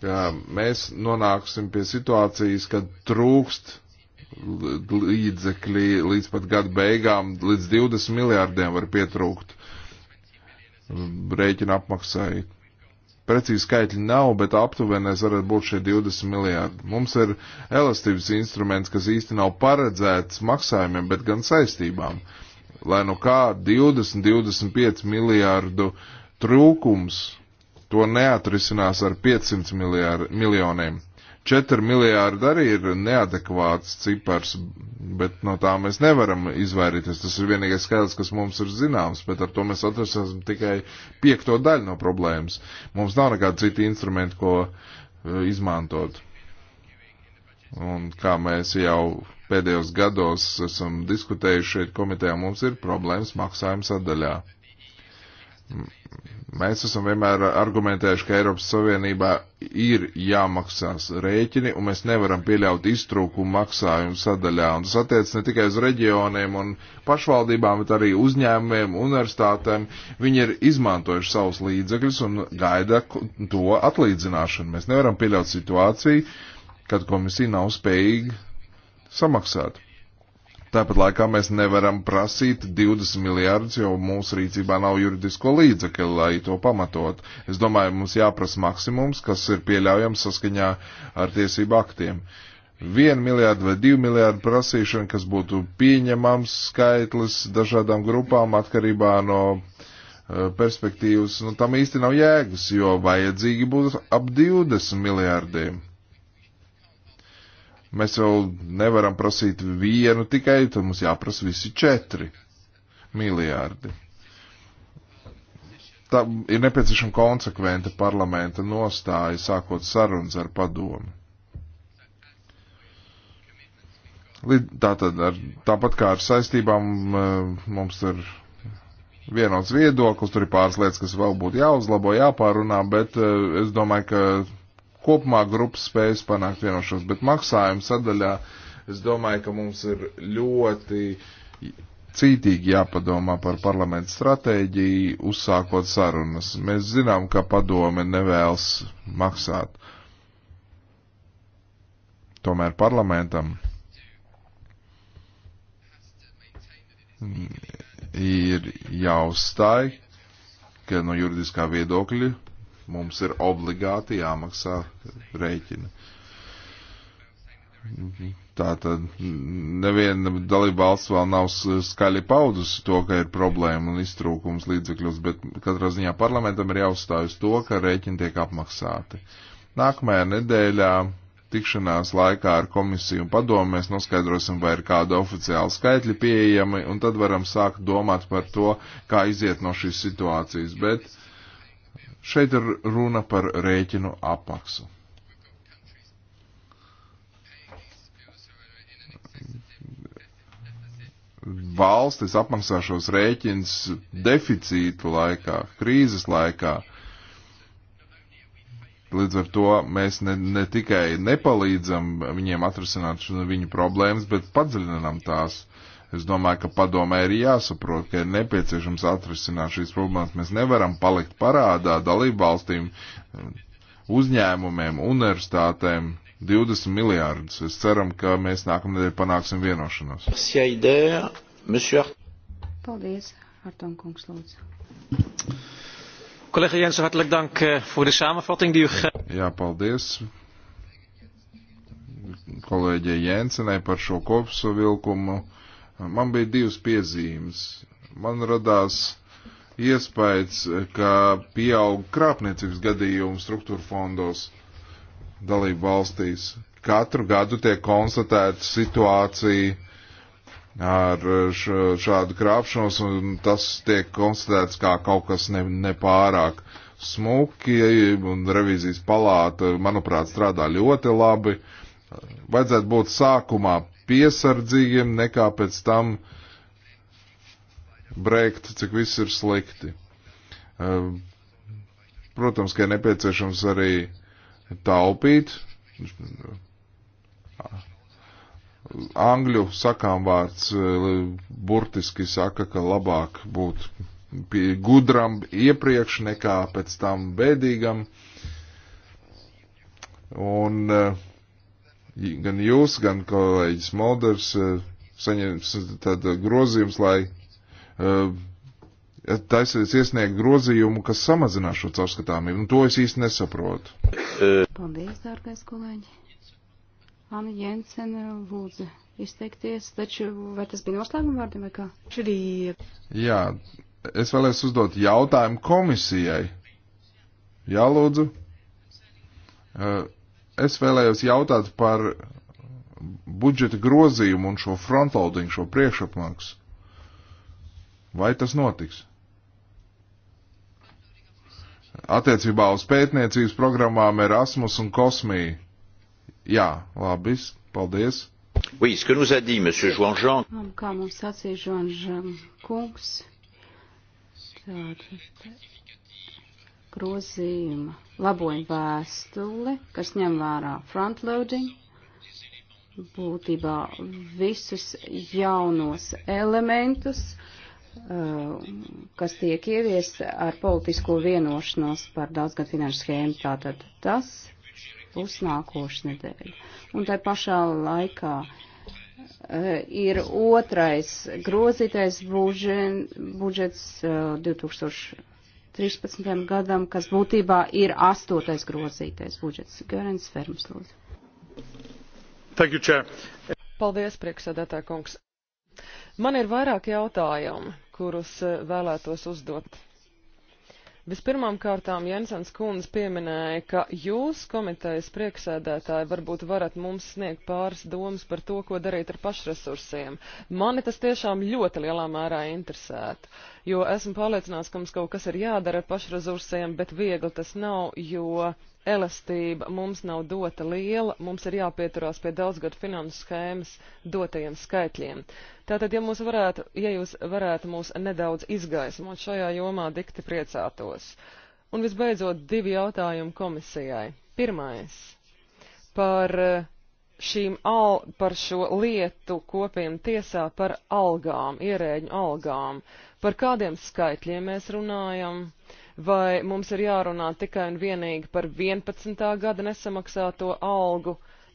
ka mēs nonāksim pie situācijas, kad trūkst līdzekļi līdz pat gada beigām līdz 20 miljārdiem var pietrūkt rēķina apmaksai. Precīzi skaitļi nav, bet aptuvenēs varētu būt šie 20 miljārdi. Mums ir elastības instruments, kas īsti nav paredzēts maksājumiem, bet gan saistībām. Lai nu kā 20-25 miljārdu trūkums to neatrisinās ar 500 miljār, miljoniem. 4 miljārdi arī ir neadekvāts cipars, bet no tā mēs nevaram izvairīties. Tas ir vienīgais skaidrs, kas mums ir zināms, bet ar to mēs atrasim tikai piekto daļu no problēmas. Mums nav nekāda cita instrumenta, ko uh, izmantot. Un kā mēs jau pēdējos gados esam diskutējuši šeit komitejā, mums ir problēmas maksājuma sadaļā. Mēs esam vienmēr argumentējuši, ka Eiropas Savienībā ir jāmaksās rēķini, un mēs nevaram pieļaut iztrūkumu maksājumu sadaļā. Un tas attiec ne tikai uz reģioniem un pašvaldībām, bet arī uzņēmumiem, universitātēm. Viņi ir izmantojuši savus līdzekļus un gaida to atlīdzināšanu. Mēs nevaram pieļaut situāciju, kad komisija nav spējīga samaksāt. Tāpat laikā mēs nevaram prasīt 20 miljārdus, jo mūsu rīcībā nav juridisko līdzekļu, lai to pamatot. Es domāju, mums jāprasa maksimums, kas ir pieļaujams saskaņā ar tiesību aktiem. 1 miljārdu vai 2 miljārdu prasīšana, kas būtu pieņemams skaitlis dažādām grupām atkarībā no eh, perspektīvas, nu tam īsti nav jēgas, jo vajadzīgi būs ap 20 miljārdiem. Mēs jau nevaram prasīt vienu tikai, tad mums jāprasa visi četri miljārdi. Tā ir nepieciešama konsekventa parlamenta nostāja, sākot sarunas ar padomu. Tātad, ar, tāpat kā ar saistībām, eh, mums ir vienots viedoklis, tur ir pāris lietas, kas vēl būtu jāuzlabo, jāpārunā, bet eh, es domāju, ka kopumā grupas spējas panākt vienošanos, bet maksājuma sadaļā es domāju, ka mums ir ļoti cītīgi jāpadomā par parlamentu stratēģiju, uzsākot sarunas. Mēs zinām, ka padome nevēlas maksāt. Tomēr parlamentam ir jāuzstāj, ka no juridiskā viedokļa Mums ir obligāti jāmaksā rēķini. Tātad neviena dalībvalsts vēl nav skaļi paudusi to, ka ir problēma un iztrūkums līdzekļos, bet katrā ziņā parlamentam ir jāuzstājas to, ka rēķini tiek apmaksāti. Nākamajā nedēļā tikšanās laikā ar komisiju un padomu mēs noskaidrosim, vai ir kāda oficiāla skaitļa pieejami, un tad varam sākt domāt par to, kā iziet no šīs situācijas. Bet Šeit ir runa par rēķinu apmaksu. Valstis apmaksā šos rēķins deficītu laikā, krīzes laikā. Līdz ar to mēs ne, ne tikai nepalīdzam viņiem atrisināt viņu problēmas, bet padziļinām tās. Es domāju, ka padomē ir jāsaprot, ka ir nepieciešams atrisināt šīs problēmas. Mēs nevaram palikt parādā dalību valstīm, uzņēmumiem, universitātēm 20 miljārdus. Es ceram, ka mēs nākamnedēļ panāksim vienošanos. Paldies, Artom Kungs, lūdzu. Collega Jensen, hartelijk dank eh, voor de samenvatting die u gegeven hebt. Ja, paldies kolēģei Jensenai par šo kopsavilkumu. Man bija divas piezīmes. Man radās iespējas, ka pieaug krāpniecības gadījumu struktūra fondos dalību valstīs. Katru gadu tiek konstatēta situācija ar šādu krāpšanos, un tas tiek konstatēts kā kaut kas ne, nepārāk smuki, un revīzijas palāta, manuprāt, strādā ļoti labi. Vajadzētu būt sākumā piesardzīgiem, nekā pēc tam brēkt, cik viss ir slikti. Ehm, protams, ka ir nepieciešams arī taupīt. Angļu sakām vārds eh, burtiski saka, ka labāk būt gudram iepriekš nekā pēc tam bēdīgam. Un uh, gan jūs, gan kolēģis Molders eh, saņems tad grozījums, lai uh, eh, taisies iesniegt grozījumu, kas samazinās šo caurskatāmību. Un to es īsti nesaprotu. Paldies, dārgais kolēģi. Anna Jensena lūdza izteikties, taču vai tas bija noslēguma vārdi vai kā? Jā, es vēlēs uzdot jautājumu komisijai. Jā, lūdzu. Uh, es vēlējos jautāt par budžeta grozījumu un šo frontloading, šo priekšapmaksu. Vai tas notiks? Attiecībā uz pētniecības programmām Erasmus un Kosmija. Jā, labi, paldies. Oui, ce que nous a dit M. Joan Jean. Nu, kā mums sacīja Joan Jean kungs, tātad grozījuma labojuma vēstule, kas ņem vērā frontloading, būtībā visus jaunos elementus, eh, kas tiek ieviest ar politisko vienošanos par daudzgad finanšu schēmu. Tātad tas būs nākošu nedēļu. Un tai pašā laikā eh, ir otrais grozītais budžets 2000. Eh, 13. gadam, kas būtībā ir astotais grozītais budžets. Görens Ferms, lūdzu. Thank you, Chair. Paldies, priekšsēdētāj kungs. Man ir vairāk jautājumu, kurus eh, vēlētos uzdot. Vispirmām kārtām Jensens kundze pieminēja, ka jūs, komitejas priekšsēdētāji, varbūt varat mums sniegt pāris domas par to, ko darīt ar pašresursiem. Mani tas tiešām ļoti lielā mērā interesētu. Uh, jo esmu pārliecināts, ka mums kaut kas ir jādara ar pašresursiem, bet viegli tas nav, jo elastība mums nav dota liela, mums ir jāpieturās pie daudzgadu finansu schēmas dotajiem skaitļiem. Tātad, ja, mūs varētu, ja jūs varētu mūs nedaudz izgaismot šajā jomā, dikti priecātos. Un visbeidzot, divi jautājumi komisijai. Pirmais par eh, šīm al, par šo lietu kopiem tiesā par algām, ierēģu algām. Uh, Par kādiem skaitļiem mēs runājam? Vai mums ir jārunā tikai un vienīgi par 11. gada nesamaksāto algu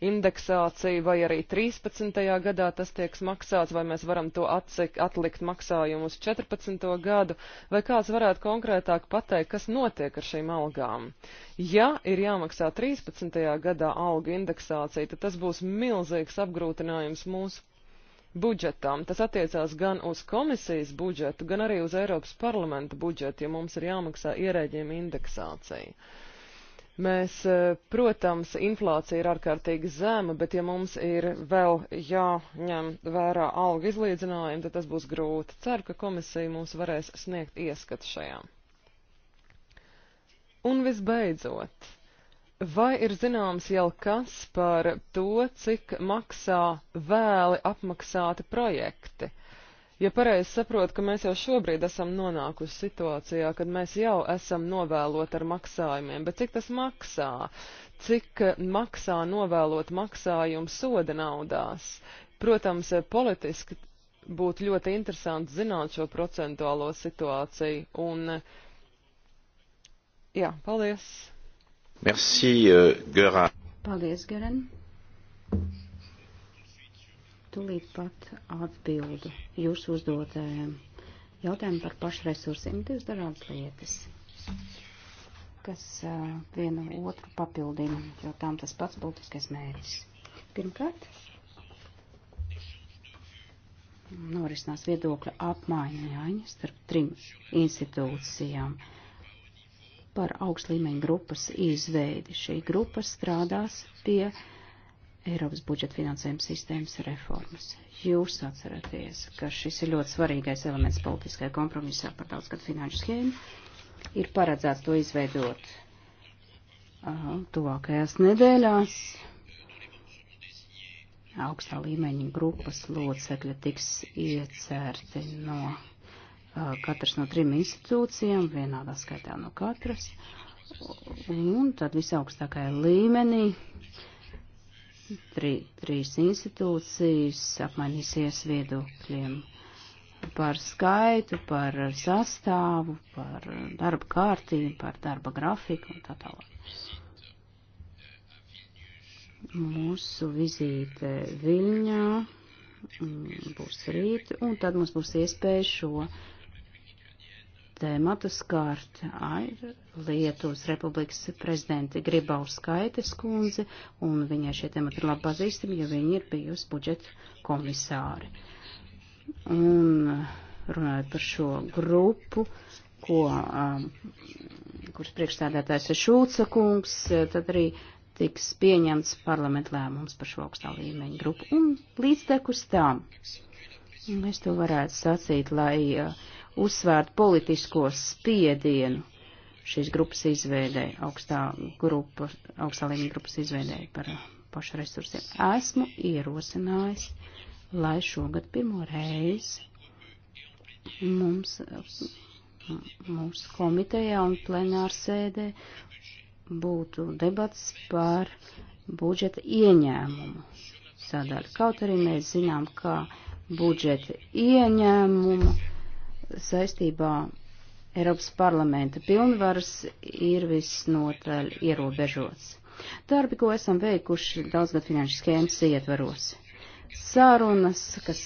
indeksāciju, vai arī 13. gadā tas tiek maksāts, vai mēs varam to atsik, atlikt maksājumu uz 14. gadu, vai kāds varētu konkrētāk pateikt, kas notiek ar šīm algām. Ja ir jāmaksā 13. gadā algu indeksācija, tad tas būs milzīgs apgrūtinājums mūsu budžetam. Tas attiecās gan uz komisijas budžetu, gan arī uz Eiropas parlamenta budžetu, ja mums ir jāmaksā ierēģiem indeksācija. Mēs, e, protams, inflācija ir ārkārtīgi zema, bet ja mums ir vēl jāņem vērā alga izlīdzinājumi, tad tas būs grūti. Ceru, ka komisija mums varēs sniegt ieskatu šajā. Un visbeidzot, Vai ir zināms jau kas par to, cik maksā vēli apmaksāti projekti? Ja pareizi saprotu, ka mēs jau šobrīd esam nonākuši situācijā, kad mēs jau esam novēlot ar maksājumiem, bet cik tas maksā? Cik maksā novēlot maksājumu soda naudās? Protams, politiski būtu ļoti interesanti zināt šo procentuālo situāciju. Un, jā, paldies! Merci, uh, Göran. Paldies, Göran. Tūlīt pat atbildu jūsu uzdotājiem jautājumu par pašresursiem. Divas dažādas lietas, kas uh, vienu otru papildina, jo tām tas pats būtiskais mērķis. Pirmkārt, norisinās viedokļa apmaiņa jāņa starp trim institūcijām. Uh, par augstlīmeņa grupas izveidi. Šī grupa strādās pie Eiropas budžeta finansējuma sistēmas reformas. Jūs atceraties, ka šis ir ļoti svarīgais elements politiskajā kompromisā par daudzgadu finanšu schēmu. Ir paredzēts to izveidot uh, tuvākajās nedēļās. Augstā līmeņa grupas locekļi tiks iecerti no katrs no trim institūcijām, vienādā skaitā no katras, un tad visaugstākajā līmenī tri, trīs institūcijas apmainīsies viedokļiem par skaitu, par sastāvu, par darba kārtību, par darba grafiku un tā tālāk. Mūsu vizīte Viļņā mm, būs rīt, un tad mums būs iespēja šo uh, tēmatus kārt ir Lietuvas Republikas prezidenti Gribaus Skaites kundze, un viņai šie temati ir labi pazīstami, jo viņa ir bijusi budžeta komisāri. Un runājot par šo grupu, ko, um, kuras priekšstādātājs ir Šulca kungs, tad arī tiks pieņemts parlamenta lēmums par šo augstā līmeņa grupu. Un līdz tekus tam, es to varētu sacīt, lai uh, uzsvērt politisko spiedienu šīs grupas izveidē, augstā, grupa, augstā līmeņa grupas izveidē par pašu resursiem. Esmu ierosinājis, lai šogad pirmo reizi mums, mums komitejā un plenārsēdē būtu debats par budžeta ieņēmumu sadaļu. Kaut arī mēs zinām, ka budžeta ieņēmumu saistībā Eiropas parlamenta pilnvaras ir visnotaļ ierobežots. Darbi, ko esam veikuši daudzgad finanšu schēmas ietvaros. Sārunas, kas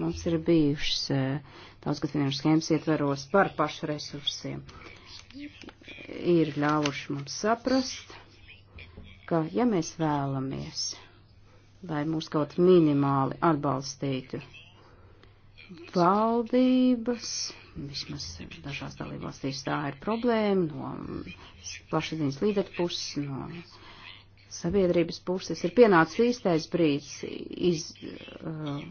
mums ir bijušas eh, daudzgad finanšu schēmas ietvaros par pašu resursiem, ir ļāvuši mums saprast, ka ja mēs vēlamies, lai mūs kaut minimāli atbalstītu valdības, vismaz dažās dalībvalstīs tā ir problēma, no plašsaziņas līderu puses, no sabiedrības puses ir pienācis īstais brīdis iz, uh,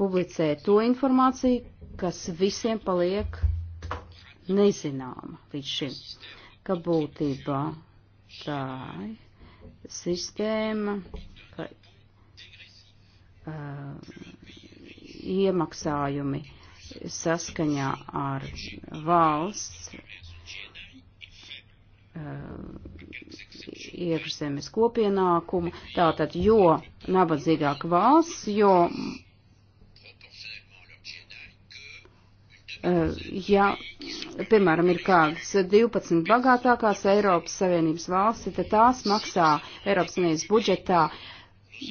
publicēt to informāciju, kas visiem paliek nezināma līdz šim, ka būtībā tā sistēma, ka, uh, iemaksājumi saskaņā ar valsts eh, iekšzemes kopienākumu. Tātad, jo nabadzīgāk valsts, jo eh, ja, piemēram, ir kādas 12 bagātākās Eiropas Savienības valsti, tad tās maksā Eiropas Savienības budžetā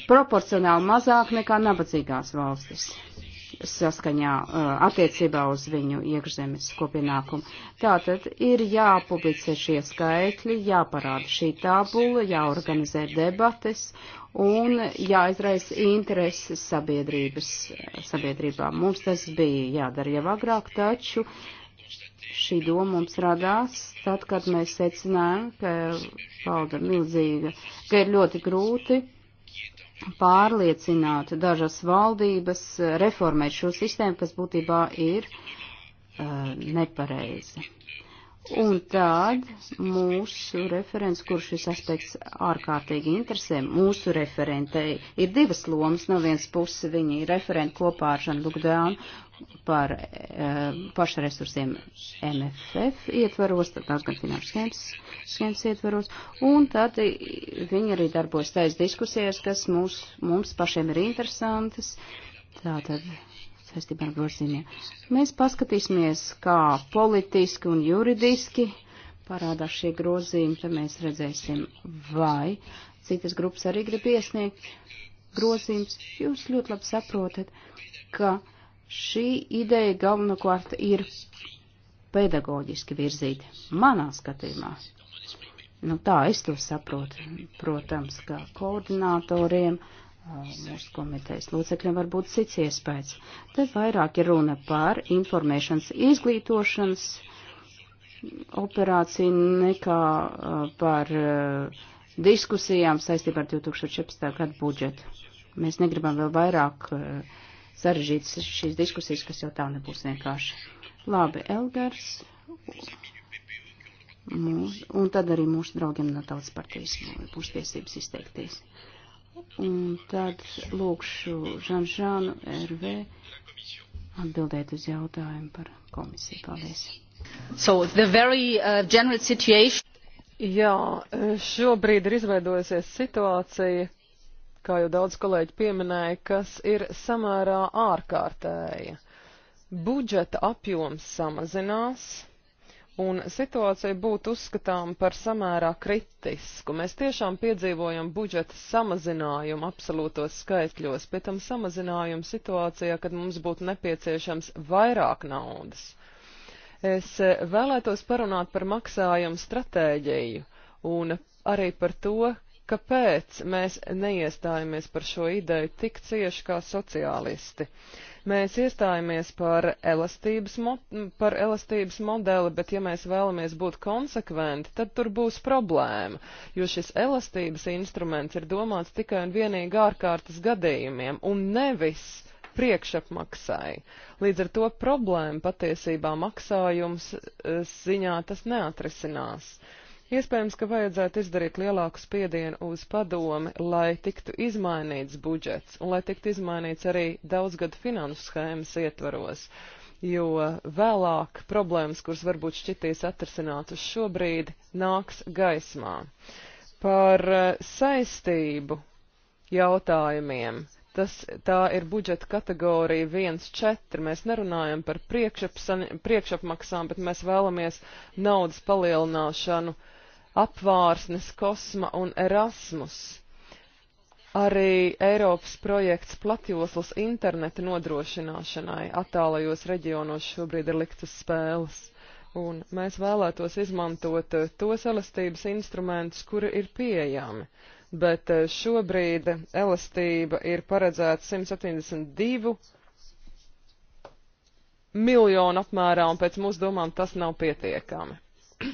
proporcionāli mazāk nekā nabadzīgās valstis saskaņā uh, attiecībā uz viņu iekšzemes kopienākumu. Tātad ir jāpublicē šie skaitļi, jāparāda šī tabula, jāorganizē debates un jāizraisa intereses sabiedrības, sabiedrībā. Mums tas bija jādara jau agrāk, taču šī doma mums radās tad, kad mēs secinājām, ka valda milzīga, ka ir ļoti grūti pārliecināt dažas valdības, reformēt šo sistēmu, kas būtībā ir uh, nepareiza. Un tad mūsu referents, kurš šis aspekts ārkārtīgi interesē, mūsu referentei ir divas lomas. No vienas puses viņa ir referenta kopā ar Žanu Lukdēnu, par eh, pašu resursiem MFF ietvaros, tad tās gan finanšu schēmas, schēmas ietvaros, un tad viņi arī darbojas taisa diskusijas, kas mūs, mums pašiem ir interesantas. Tātad saistībā ar grozījumiem. Mēs paskatīsimies, kā politiski un juridiski parādās šie grozījumi, tad mēs redzēsim, vai citas grupas arī grib iesniegt grozījums. Jūs ļoti labi saprotat, ka Šī ideja galvenokārt ir pedagoģiski virzīta manā skatījumā. Nu, tā es to saprotu. Protams, kā koordinatoriem mūsu komitejas locekļiem var būt cits iespējas. Te vairāk ir runa par informēšanas izglītošanas operāciju nekā par diskusijām saistībā ar 2014. gadu budžetu. Mēs negribam vēl vairāk uh, sarežģītas šīs diskusijas, kas jau tā nebūs vienkārši. Labi, Elgars. Mūs, un tad arī mūsu draugiem no tautas partijas būs tiesības izteikties. Un tad lūkšu Žanžānu RV atbildēt uz jautājumu par komisiju. Paldies. So the very uh, general situation. Jā, šobrīd ir izveidojusies situācija, kā jau daudz kolēģi pieminēja, kas ir samērā ārkārtēja. Budžeta apjoms samazinās, un situācija būtu uzskatām par samērā kritisku. Mēs tiešām piedzīvojam budžeta samazinājumu absolūtos skaitļos, pie tam samazinājumu situācijā, kad mums būtu nepieciešams vairāk naudas. Es e, vēlētos parunāt par maksājumu stratēģiju un arī par to, kāpēc mēs neiestājamies par šo ideju tik cieši kā sociālisti. Mēs iestājamies par elastības, par elastības modeli, bet ja mēs vēlamies būt konsekventi, tad tur būs problēma, jo šis elastības instruments ir domāts tikai un vienīgi ārkārtas gadījumiem un nevis priekšapmaksai. Līdz ar to problēma patiesībā maksājums eh, ziņā tas neatrisinās. Uh, Iespējams, ka vajadzētu izdarīt lielāku spiedienu uz padomi, lai tiktu izmainīts budžets un lai tiktu izmainīts arī daudzgadu finanšu schēmas ietvaros, jo vēlāk problēmas, kuras varbūt šķitīs atrasinātas šobrīd, nāks gaismā. Par eh, saistību jautājumiem. Tas, tā ir budžeta kategorija 1.4. Mēs nerunājam par priekšapmaksām, bet mēs vēlamies naudas palielināšanu uh, apvārsnes kosma un Erasmus. Arī Eiropas projekts platjoslas interneta nodrošināšanai attālajos reģionos šobrīd ir likts uz spēles. Un mēs vēlētos izmantot eh, tos elastības instrumentus, kuri ir pieejami. Bet eh, šobrīd elastība ir paredzēta 172 miljonu apmērā, un pēc mūsu domām tas nav pietiekami. (clears throat)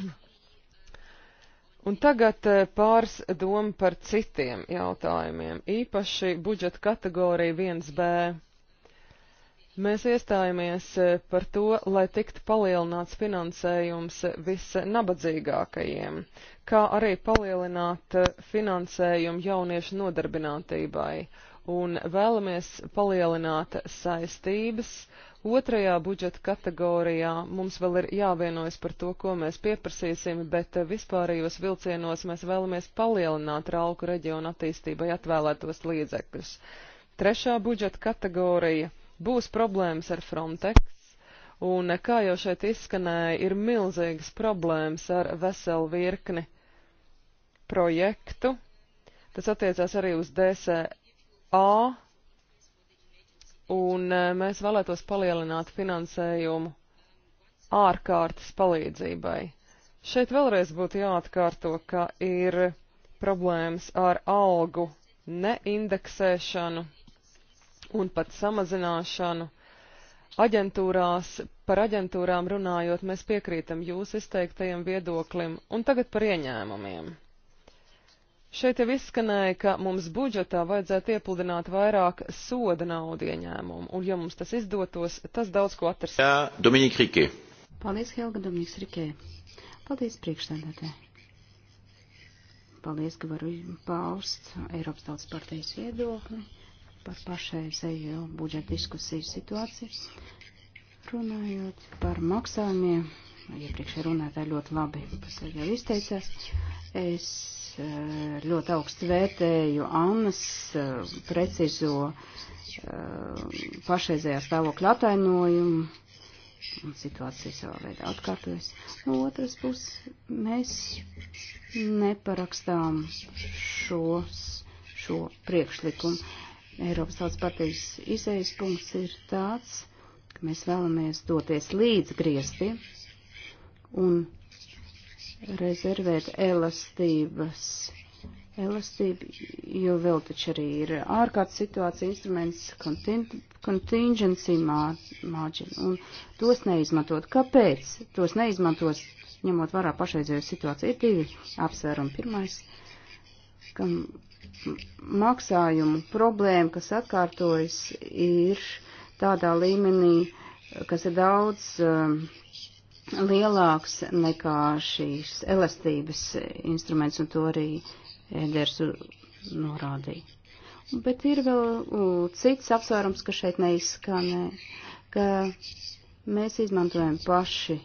Un tagad eh, pāris doma par citiem jautājumiem, īpaši budžeta kategorija 1B. Mēs iestājamies eh, par to, lai tiktu palielināts finansējums visnabadzīgākajiem, kā arī palielināt eh, finansējumu jauniešu nodarbinātībai, un vēlamies palielināt saistības uh, Otrajā budžeta kategorijā mums vēl ir jāvienojas par to, ko mēs pieprasīsim, bet eh, vispārējos vilcienos mēs vēlamies palielināt Rauku reģionu attīstībai atvēlētos līdzekļus. Trešā budžeta kategorija būs problēmas ar Frontex. Un, eh, kā jau šeit izskanēja, ir milzīgas problēmas ar veselu virkni projektu. Tas attiecās arī uz DSA un eh, mēs vēlētos palielināt finansējumu ārkārtas palīdzībai. Šeit vēlreiz būtu jāatkārto, ka ir problēmas ar algu neindeksēšanu un pat samazināšanu. Aģentūrās, par aģentūrām runājot, mēs piekrītam jūsu izteiktajam viedoklim, un tagad par ieņēmumiem. Šeit jau izskanēja, ka mums budžetā vajadzētu iepludināt vairāk soda naudu ieņēmumu, un ja mums tas izdotos, tas daudz ko atrasts. Jā, Dominika Rikē. Paldies, Helga Dominiks Rikē. Paldies, priekšsēdētē. Paldies, ka varu paust Eiropas tautas partijas viedokli par pašreizējo budžeta diskusiju situāciju. Runājot par maksājumiem, iepriekšējā runātāja ļoti labi, kas jau izteicās, es Eh, ļoti augstu vērtēju Annas eh, precizo eh, pašreizējā stāvokļa atainojumu un situācija savā veidā atkārtojas. No otras puses, mēs neparakstām šos, šo priekšlikumu. Eiropas tautas partijas izējas punkts ir tāds, ka mēs vēlamies doties līdz griezti un rezervēt elastības. Elastība, jo vēl taču arī ir ārkārtas situācija instruments contingency margin, un tos neizmantot. Kāpēc tos neizmantos, ņemot vērā pašreizējo situāciju? Ir divi apsvērumi. Pirmais, ka maksājumu problēma, kas atkārtojas, ir tādā līmenī, kas ir daudz. Uh, lielāks nekā šīs elastības instruments, un to arī Eders norādīja. Bet ir vēl cits apsvērums, ka šeit neizskanē, ka mēs izmantojam paši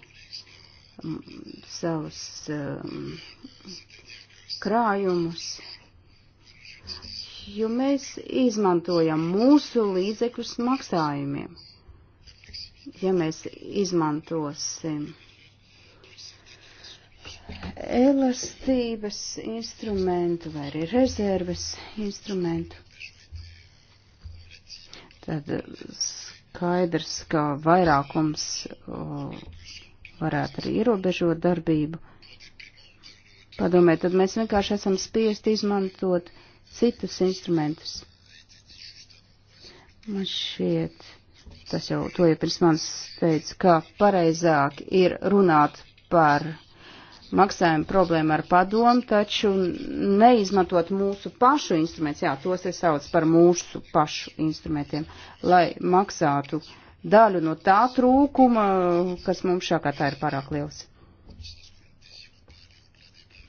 savus um, krājumus, jo mēs izmantojam mūsu līdzekļus maksājumiem ja mēs izmantosim elastības instrumentu vai arī rezerves instrumentu. Tad skaidrs, ka vairākums o, varētu arī ierobežot darbību. Padomē, tad mēs vienkārši esam spiest izmantot citus instrumentus. Man šķiet, tas jau to jau pirms manis teica, ka pareizāk ir runāt par maksājumu problēmu ar padomu, taču neizmantot mūsu pašu instrumentus, jā, tos es sauc par mūsu pašu instrumentiem, lai maksātu daļu no tā trūkuma, kas mums šā kā tā ir pārāk liels.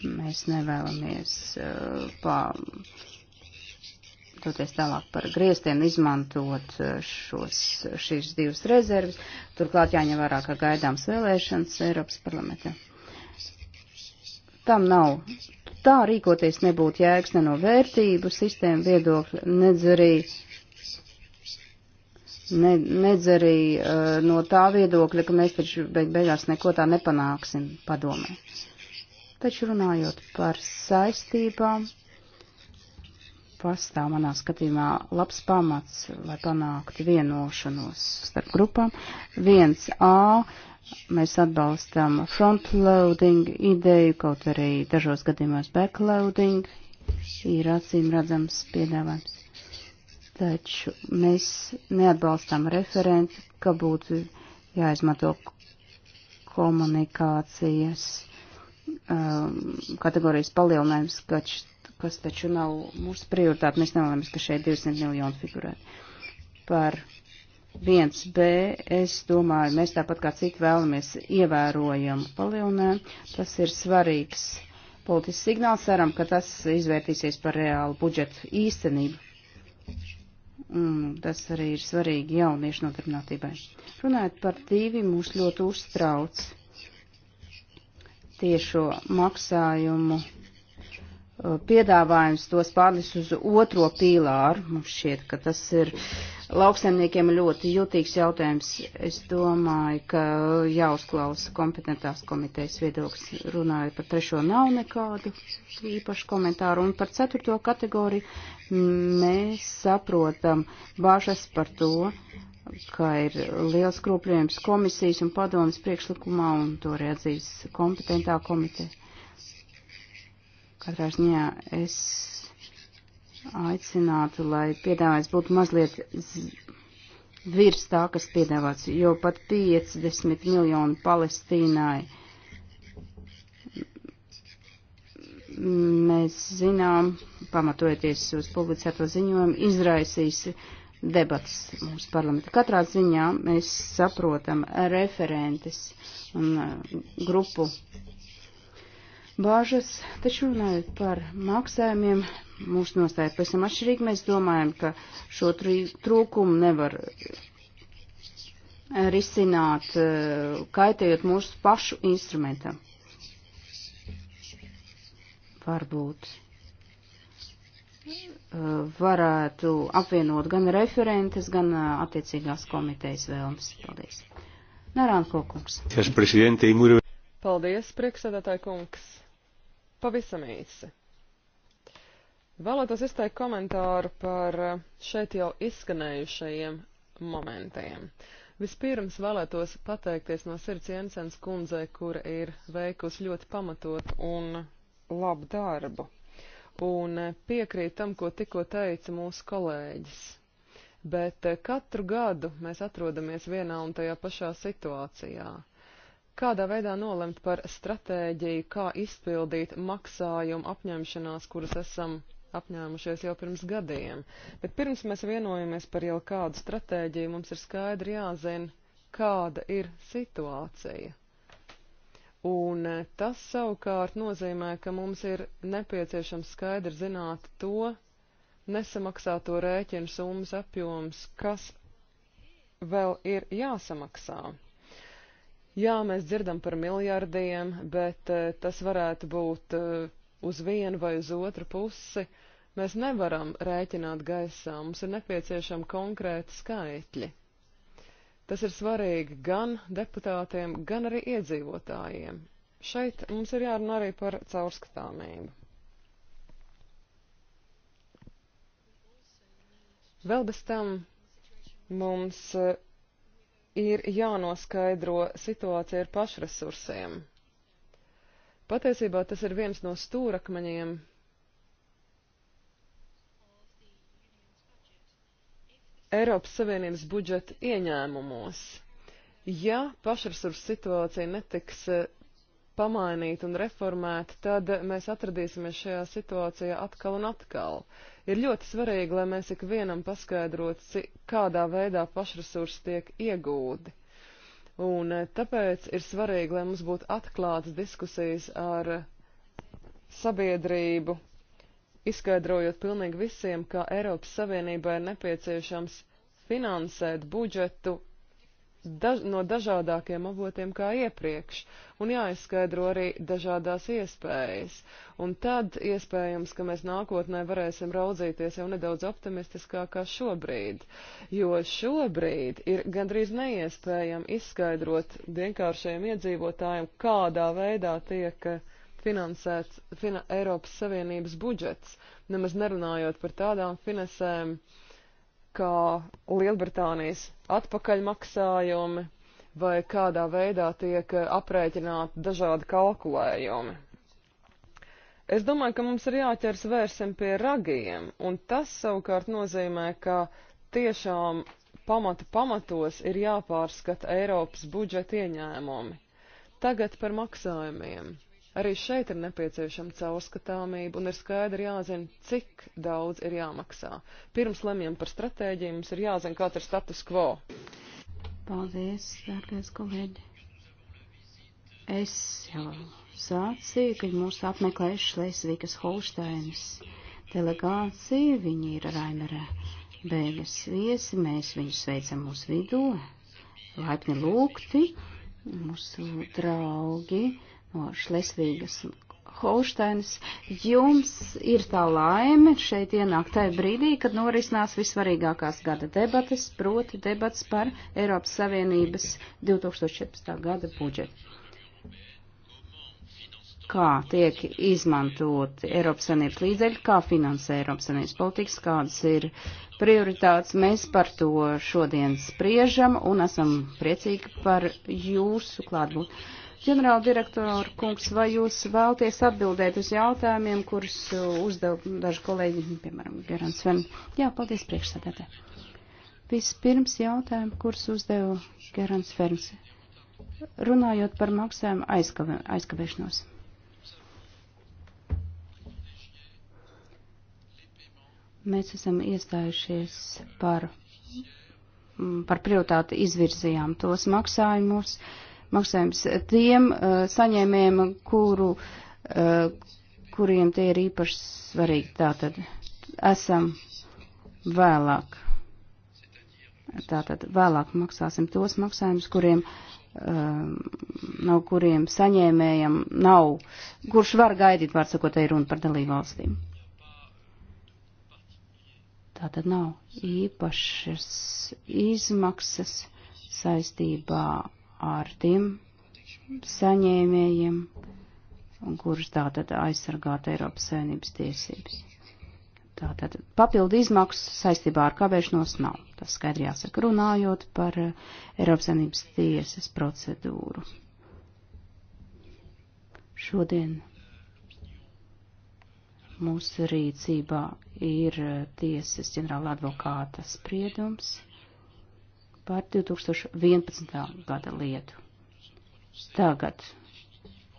Mēs nevēlamies uh, pār toties tālāk par griestiem, izmantot e, šos, šīs divas rezerves. Turklāt jāņem vērā, ka gaidāms vēlēšanas Eiropas parlamentā. Tam nav. Tā rīkoties nebūtu jēgas ne no vērtību sistēmu viedokļa, nedz arī, ne, nedz arī uh, no tā viedokļa, ka mēs taču beig beigās neko tā nepanāksim padomē. Taču runājot par saistībām, pastāv manā skatījumā labs pamats, lai panāktu vienošanos starp grupām. 1A mēs atbalstam frontloading ideju, kaut arī dažos gadījumos backloading ir acīm redzams piedāvājums. Taču mēs neatbalstam referentu, ka būtu jāizmanto komunikācijas um, kategorijas palielinājums, taču kas taču nav mūsu prioritāte. Mēs nevēlamies, ka šeit 200 miljoni figurē. Par 1B es domāju, mēs tāpat kā citi vēlamies ievērojam palielinājumu. Tas ir svarīgs politisks signāls. Ceram, ka tas izvērtīsies par reālu budžetu īstenību. Mm, tas arī ir svarīgi jauniešu nodarbinātībai. Runājot par divi, mūs ļoti uztrauc tiešo maksājumu Uh, piedāvājums tos pārnest uz otro pīlāru. Mums šķiet, ka tas ir lauksaimniekiem ļoti jūtīgs jautājums. Es domāju, ka jāuzklausa kompetentās komitejas viedoklis. Runājot par trešo nav nekādu īpašu komentāru. Un par ceturto kategoriju mēs saprotam bažas par to, ka ir liels kropļojums komisijas un padomas priekšlikumā, un to arī atzīs kompetentā komiteja Katrā ziņā es aicinātu, lai piedāvājums būtu mazliet virs tā, kas piedāvāts, jo pat 50 miljonu Palestīnai mēs zinām, pamatojoties uz publicēto ziņojumu, izraisīs debats mūsu parlamentā. Katrā ziņā mēs saprotam referentes un uh, grupu bāžas, taču runājot par maksājumiem, mūsu nostāja pēc tam atšķirīgi. Mēs domājam, ka šo trūkumu nevar risināt, eh, kaitējot mūsu pašu instrumentam. Varbūt eh, varētu apvienot gan referentes, gan eh, attiecīgās komitejas vēlmes. Paldies. Narāna Kokungs. Paldies, priekšsēdētāji kungs. Pavisam īsi. Vēlētos izteikt komentāru par eh, šeit jau izskanējušajiem momentiem. Vispirms vēlētos pateikties no sirds Jensens kundzei, kura ir veikusi ļoti pamatot un labu darbu. Un eh, piekrīt tam, ko tikko teica mūsu kolēģis. Bet eh, katru gadu mēs atrodamies vienā un tajā pašā situācijā kādā veidā nolemt par stratēģiju, kā izpildīt maksājumu apņemšanās, kuras esam apņēmušies jau pirms gadiem. Bet pirms mēs vienojamies par jau kādu stratēģiju, mums ir skaidri jāzina, kāda ir situācija. Un e, tas savukārt nozīmē, ka mums ir nepieciešams skaidri zināt to nesamaksāto rēķinu summas apjoms, kas vēl ir jāsamaksā. Jā, mēs dzirdam par miljardiem, bet eh, tas varētu būt eh, uz vienu vai uz otru pusi. Mēs nevaram rēķināt gaisā, mums ir nepieciešami konkrēti skaitļi. Tas ir svarīgi gan deputātiem, gan arī iedzīvotājiem. Šeit mums ir jārunā arī par caurskatāmību. Vēl bez tam mums eh, ir jānoskaidro situācija ar pašresursiem. Patiesībā tas ir viens no stūrakmeņiem. Eiropas Savienības budžeta ieņēmumos. Ja pašresursu situācija netiks eh, pamainīt un reformēt, tad mēs atradīsimies šajā situācijā atkal un atkal. Ir ļoti svarīgi, lai mēs ikvienam paskaidrotu, kādā veidā pašresursi tiek iegūti. Un eh, tāpēc ir svarīgi, lai mums būtu atklātas diskusijas ar sabiedrību, izskaidrojot pilnīgi visiem, ka Eiropas Savienībai ir nepieciešams finansēt budžetu daž, no dažādākiem avotiem kā iepriekš, un jāizskaidro arī dažādās iespējas. Un tad iespējams, ka mēs nākotnē varēsim raudzīties jau nedaudz optimistiskāk kā šobrīd, jo šobrīd ir gandrīz neiespējami izskaidrot vienkāršajiem iedzīvotājiem, kādā veidā tiek finansēts fina, Eiropas Savienības budžets, nemaz nerunājot par tādām finansēm, uh, kā Lielbritānijas atpakaļmaksājumi vai kādā veidā tiek aprēķināti dažādi kalkulējumi. Es domāju, ka mums ir jāķers vērsim pie ragiem, un tas savukārt nozīmē, ka tiešām pamata pamatos ir jāpārskata Eiropas budžeta ieņēmumi. Tagad par maksājumiem. Arī šeit ir nepieciešama caurskatāmība un ir skaidri jāzina, cik daudz ir jāmaksā. Pirms lemjam par stratēģiju, mums ir jāzina, kāds ir status quo. Paldies, dārgais kolēģi. Es jau sācīju, ka mūsu apmeklējuši Šlesvikas Holšteinas delegācija, viņi ir Raimera Bēgas viesi, mēs viņus sveicam mūsu vidū, laipni lūgti, mūsu draugi no Šlesvīgas Holšteinas. Jums ir tā laime šeit ienākt tajā brīdī, kad norisinās visvarīgākās gada debates, proti debats par Eiropas Savienības 2014. gada budžetu kā tiek izmantot Eiropas Savienības līdzekļi, kā finansē Eiropas Savienības politikas, kādas ir prioritātes. Mēs par to šodien spriežam un esam priecīgi par jūsu klātbūtni. Ģenerāldirektora kungs, vai jūs vēlties atbildēt uz jautājumiem, kurus uzdev daži kolēģi, piemēram, Gerants Sven? Jā, paldies priekšsēdētē. Vispirms jautājumu, kurus uzdev Gerants Ferns, runājot par maksājumu aizkavē, aizkavēšanos. Mēs esam iestājušies par, par prioritāti izvirzījām tos maksājumus. Uh, maksājums tiem uh, saņēmējiem, kuru, uh, kuriem tie ir īpaši svarīgi. Tātad esam vēlāk. Tātad vēlāk maksāsim tos maksājumus, kuriem uh, nav kuriem saņēmējam, nav, kurš var gaidīt, vārdsakot, ir runa par dalību valstīm. Tātad nav īpašas izmaksas saistībā ar tiem saņēmējiem, kurus tātad aizsargāt Eiropas saimnības tiesības. Tātad papildu izmaksas saistībā ar kavēšanos nav. Tas skaidri jāsaka runājot par eh, Eiropas saimnības tiesas procedūru. Šodien mūsu rīcībā ir eh, tiesas ģenerāla advokāta spriedums par 2011. gada lietu. Tagad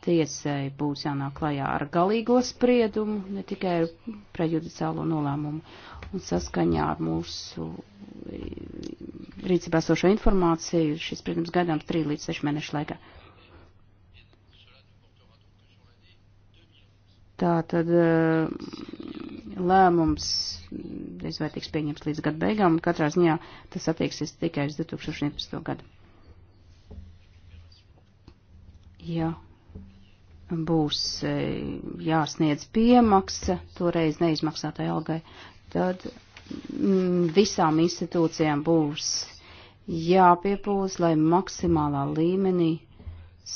tiesai būs jānāk klajā ar galīgo spriedumu, ne tikai ar prejudicālo nolēmumu, un saskaņā ar mūsu e, rīcībā sošo informāciju šis spriedums gaidāms 3 līdz 6 mēnešu laikā. Tā tad e, lēmums diez vai tiks pieņems līdz gada beigām, un katrā ziņā tas attieksies tikai uz 2011. gadu. Ja būs e, jāsniedz piemaksa toreiz neizmaksātai algai, tad mm, visām institūcijām būs jāpiepūs, lai maksimālā līmenī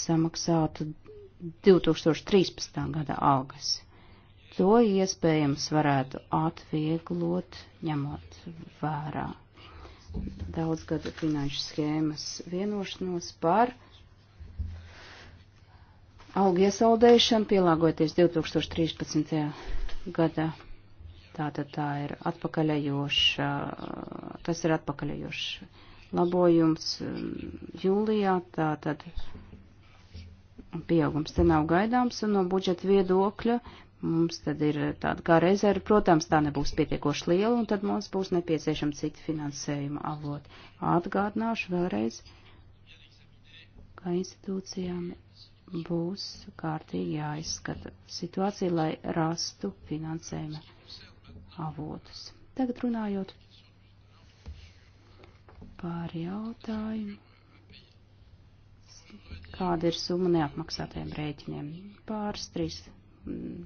samaksātu 2013. gada algas to iespējams varētu atvieglot, ņemot vērā daudzgada finanšu schēmas vienošanos par augu iesaldēšanu, pielāgoties 2013. gada. Tātad tā ir atpakaļējoša, tas ir atpakaļējošs labojums um, jūlijā, tātad pieaugums te nav gaidāms, un no budžeta viedokļa Mums tad ir tāda kā rezerve, protams, tā nebūs pietiekoši liela, un tad mums būs nepieciešama cita finansējuma avota. Atgādināšu vēlreiz, ka institūcijām būs kārtīgi jāizskata situācija, lai rastu finansējuma avotus. Tagad runājot par jautājumu, kāda ir summa neapmaksātajiem rēķiniem. Pāris trīs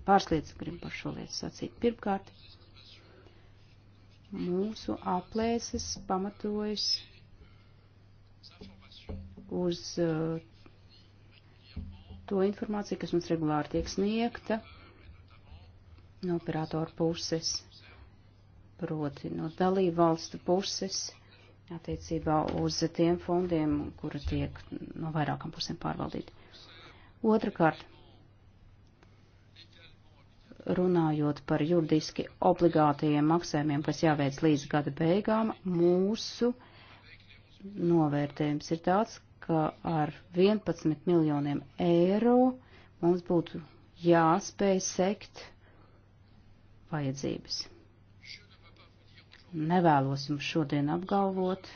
pāris lietas gribu par šo lietu sacīt. Pirmkārt, mūsu aplēses pamatojas uz uh, to informāciju, kas mums regulāri tiek sniegta no operatora puses, proti no dalību valstu puses, attiecībā uz tiem fondiem, kura tiek no vairākam pusēm pārvaldīti. Otrakārt, runājot par juridiski obligātajiem maksājumiem, kas jāveic līdz gada beigām, mūsu novērtējums ir tāds, ka ar 11 miljoniem eiro mums būtu jāspēj sekt vajadzības. Nevēlos jums šodien apgalvot,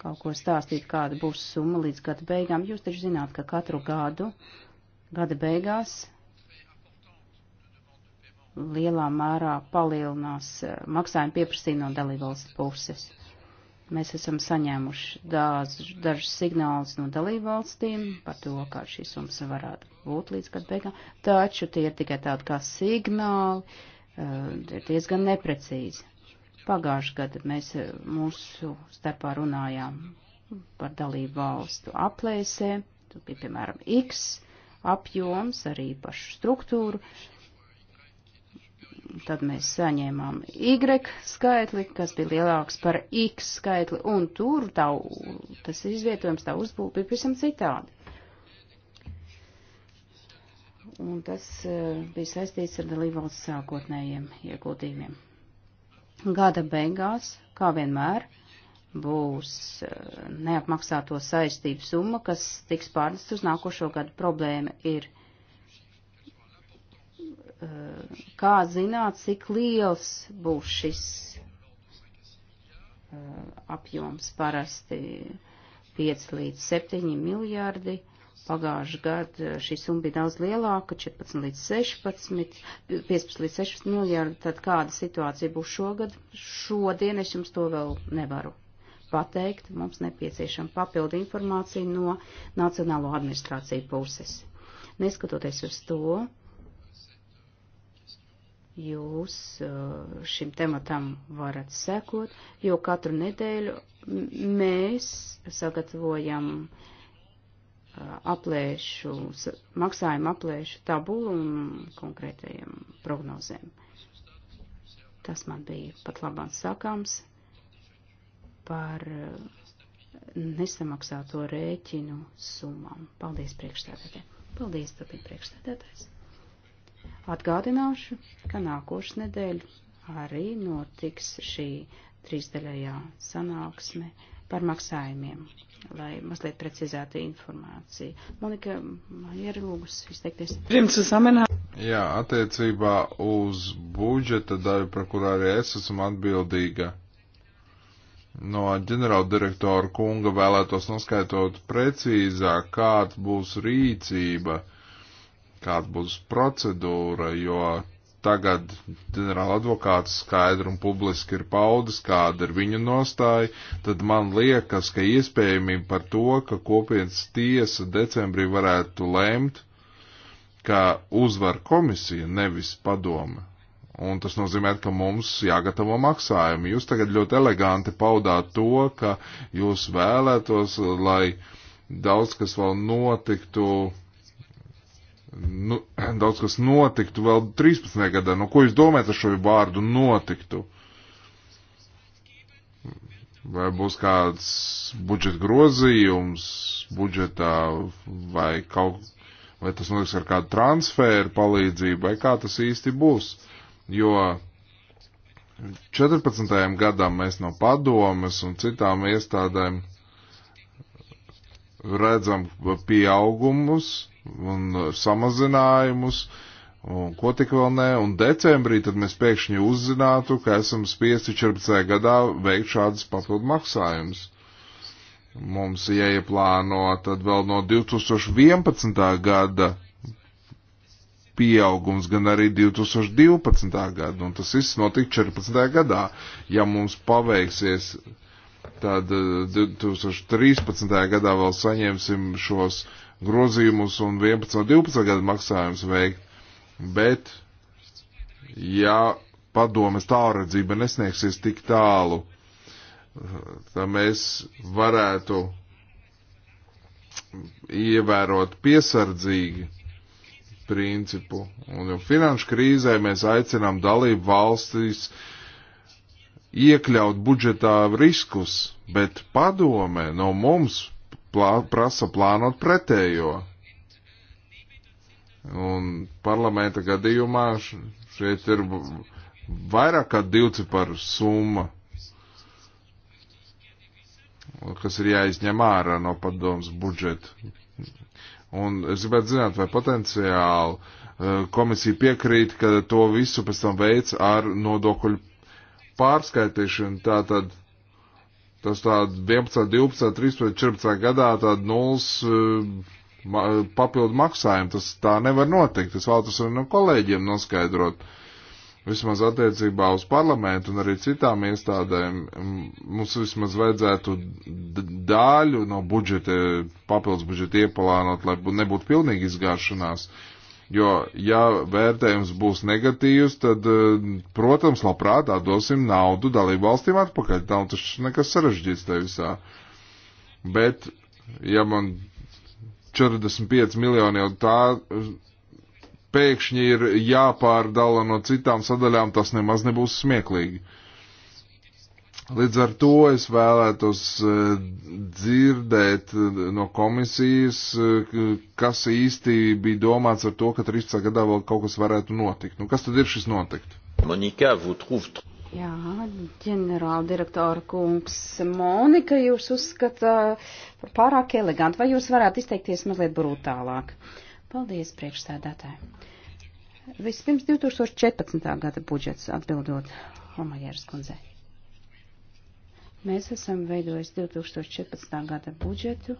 kaut ko stāstīt, kāda būs summa līdz gada beigām. Jūs taču zināt, ka katru gadu, gada beigās, lielā mērā palielinās eh, maksājuma pieprasījuma no dalībvalstu puses. Mēs esam saņēmuši dāz, dažus signālus no dalībvalstīm par to, kā šī summa varētu būt līdz gada beigām, taču tie ir tikai tādi kā signāli, eh, ir diezgan neprecīzi. Pagājušajā gadā mēs eh, mūsu starpā runājām par dalību valstu aplēsēm, tur bija piemēram X apjoms, arī pašu struktūru. Uh, Tad mēs saņēmām Y skaitli, kas bija lielāks par X skaitli, un tur tā, tas izvietojums, tā uzbūve bija pavisam citādi. Un tas e, bija saistīts ar dalībvalsts sākotnējiem ieguldījumiem. Gada beigās, kā vienmēr, būs e, neapmaksāto saistību summa, kas tiks pārnest uz nākošo gadu. Problēma ir Eh, kā zināt, cik liels būs šis eh, apjoms parasti 5 līdz 7 miljārdi. Pagājuši gadu eh, šī summa bija daudz lielāka, 14 līdz 16, 15 līdz 16 miljārdi. Tad kāda situācija būs šogad? Šodien es jums to vēl nevaru pateikt. Mums nepieciešama papildu informācija no Nacionālo administrāciju puses. Neskatoties uz to, jūs uh, šim tematam varat sekot, jo katru nedēļu mēs sagatavojam uh, aplēšu, maksājumu aplēšu tabulu un konkrētajiem prognozēm. Tas man bija pat labāk sakāms par uh, nesamaksāto rēķinu summām. Paldies priekšstādātājai. Paldies, turpin priekšstādātājs. Atgādināšu, ka nākošu nedēļu arī notiks šī trīsdaļējā sanāksme par maksājumiem, lai mazliet precizētu informāciju. Monika, man ir lūgus izteikties. Jā, attiecībā uz budžeta daļu, par kurā arī es esmu atbildīga, no ģenerāldirektora kunga vēlētos noskaitot precīzāk, kāds būs rīcība kāda būs procedūra, jo tagad ģenerāla advokāts skaidri un publiski ir paudis, kāda ir viņa nostāja, tad man liekas, ka iespējamība par to, ka kopienas tiesa decembrī varētu lēmt, ka uzvar komisija, nevis padome. Un tas nozīmē, ka mums jāgatavo maksājumi. Jūs tagad ļoti eleganti paudāt to, ka jūs vēlētos, lai daudz kas vēl notiktu nu, (clears throat) daudz kas notiktu vēl 13. gadā. Nu, ko jūs domājat ar šo vārdu notiktu? Vai būs kāds budžeta grozījums budžetā vai kaut, vai tas notiks ar kādu transferu palīdzību vai kā tas īsti būs? Jo 14. gadam mēs no padomes un citām iestādēm redzam pieaugumus, un samazinājumus, un ko tik vēl nē, un decembrī tad mēs pēkšņi uzzinātu, ka esam spiesti 14. gadā veikt šādas papildu maksājumus. Mums jāieplāno tad vēl no 2011. gada pieaugums, gan arī 2012. gada, un tas viss notika 14. gadā. Ja mums paveiksies, tad 2013. Eh, gadā vēl saņemsim šos uh, grozījumus un 11 un 12 gadu maksājumus veikt, bet ja padomas tālredzība nesniegsies tik tālu, tad mēs varētu ievērot piesardzīgi principu. Un jau finanšu krīzē mēs aicinām dalību valstīs iekļaut budžetā riskus, bet padome no mums plā, prasa plānot pretējo. Un parlamenta gadījumā šeit ir vairāk kā divciparu summa, kas ir jāizņem ārā no padomas budžeta. Un es gribētu zināt, vai potenciāli e, komisija piekrīt, ka to visu pēc tam veids ar nodokļu pārskaitīšanu. Tātad Tas tāds 11, 12, 13, 14 gadā tāda nulles eh, ma eh, papildu maksājuma. Tas tā nevar notikt. Es vēlos arī no kolēģiem noskaidrot. Vismaz attiecībā uz parlamentu un arī citām iestādēm mums vismaz vajadzētu daļu no budžeta, papildus budžeta iepalānot, lai nebūtu pilnīgi izgāšanās. Uh, Jo, ja vērtējums būs negatīvs, tad, eh, protams, labprāt atdosim naudu dalību valstīm atpakaļ. Nav tas nekas sarežģīts te visā. Bet, ja man 45 miljoni jau tā eh, pēkšņi ir jāpārdala no citām sadaļām, tas nemaz nebūs smieklīgi. Uh, Līdz ar to es vēlētos e, dzirdēt e, no komisijas, e, kas īsti bija domāts ar to, ka 13. gadā vēl kaut kas varētu notikt. Nu, kas tad ir šis notikt? Monika, vous trouvez. Jā, ģenerāla direktora kungs, Monika, jūs uzskata par pārāk elegantu, vai jūs varētu izteikties mazliet brutālāk? Paldies, priekšstādātāji. Vispirms 2014. gada budžets atbildot Homajēras kundzei. Mēs esam veidojis 2014. gada budžetu,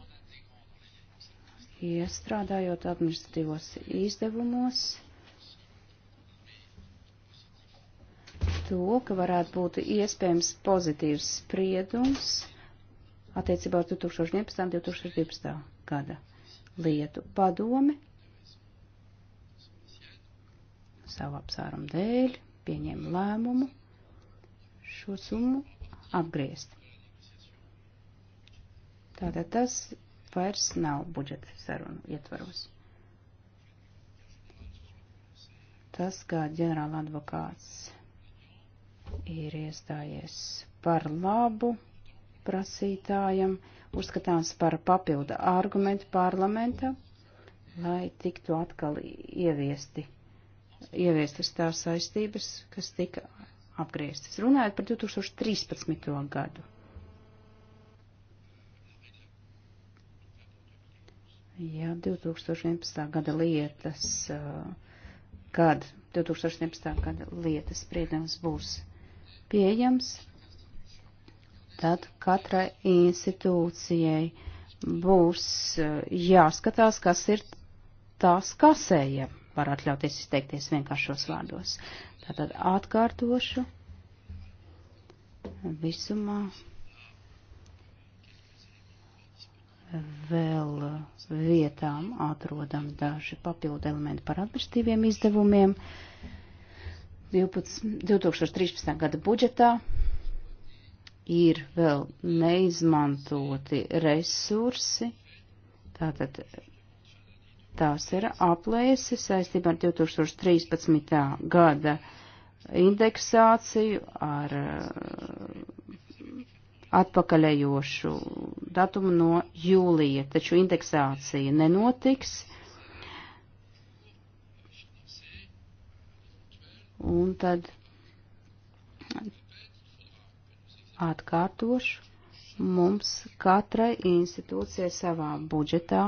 iestrādājot administratīvos izdevumos to, ka varētu būt iespējams pozitīvs spriedums attiecībā ar 2011. un 2012. gada lietu padomi savu apsārumu dēļ pieņēma lēmumu šo summu apgriezt. Tātad tas vairs nav budžeta sarunu ietvaros. Tas, kā ģenerāla advokāts ir iestājies par labu prasītājam, uzskatāms par papildu argumentu parlamenta, lai tiktu atkal ieviesti, ieviestas tās saistības, kas tika apgrieztas. Runājot par 2013. gadu. Jā, 2011. gada lietas, uh, kad 2011. gada lietas spriedums būs pieejams, tad katrai institūcijai būs uh, jāskatās, kas ir tās kasēja, var atļauties izteikties vienkāršos vārdos. Tātad atkārtošu visumā vēl vietām atrodam daži papildu elementi par atbrīviem izdevumiem 12, 2013. gada budžetā. Ir vēl neizmantoti resursi, tātad Tās ir aplēsi saistībā ar 2013. gada indeksāciju, ar uh, atpakaļējošu datumu no jūlija, taču indeksācija nenotiks. Un tad atkārtošu, mums katrai institūcijai savā budžetā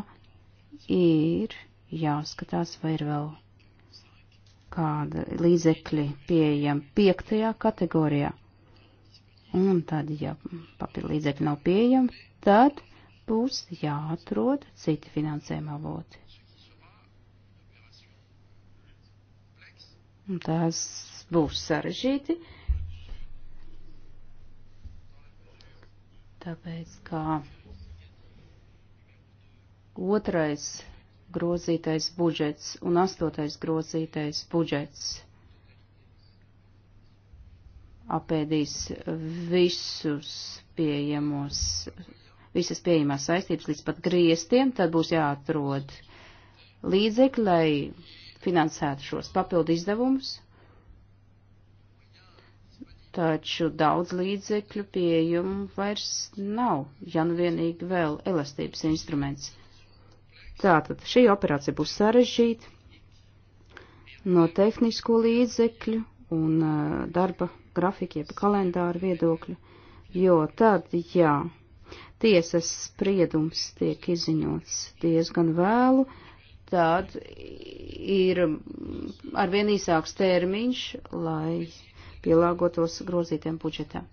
ir jāskatās, vai ir vēl kāda līdzekļi pieejama piektajā kategorijā. Un tad, ja papildu līdzekļi nav pieejami, tad būs jāatrod citi finansējuma avoti. Un tās būs sarežģīti, tāpēc, kā Otrais grozītais budžets un astotais grozītais budžets apēdīs visus pieejamos, visas pieejamās saistības līdz pat griestiem, tad būs jāatrod līdzekļi, lai finansētu šos papildu izdevumus. Taču daudz līdzekļu pieejumu vairs nav, ja nu vienīgi vēl elastības instruments. Tātad šī operācija būs sarežģīta no tehnisko līdzekļu un uh, darba grafika, jeb kalendāra viedokļa, jo tad, jā, tiesas spriedums tiek izziņots diezgan vēlu, tad ir arvien īsāks termiņš, lai pielāgotos grozītiem budžetām.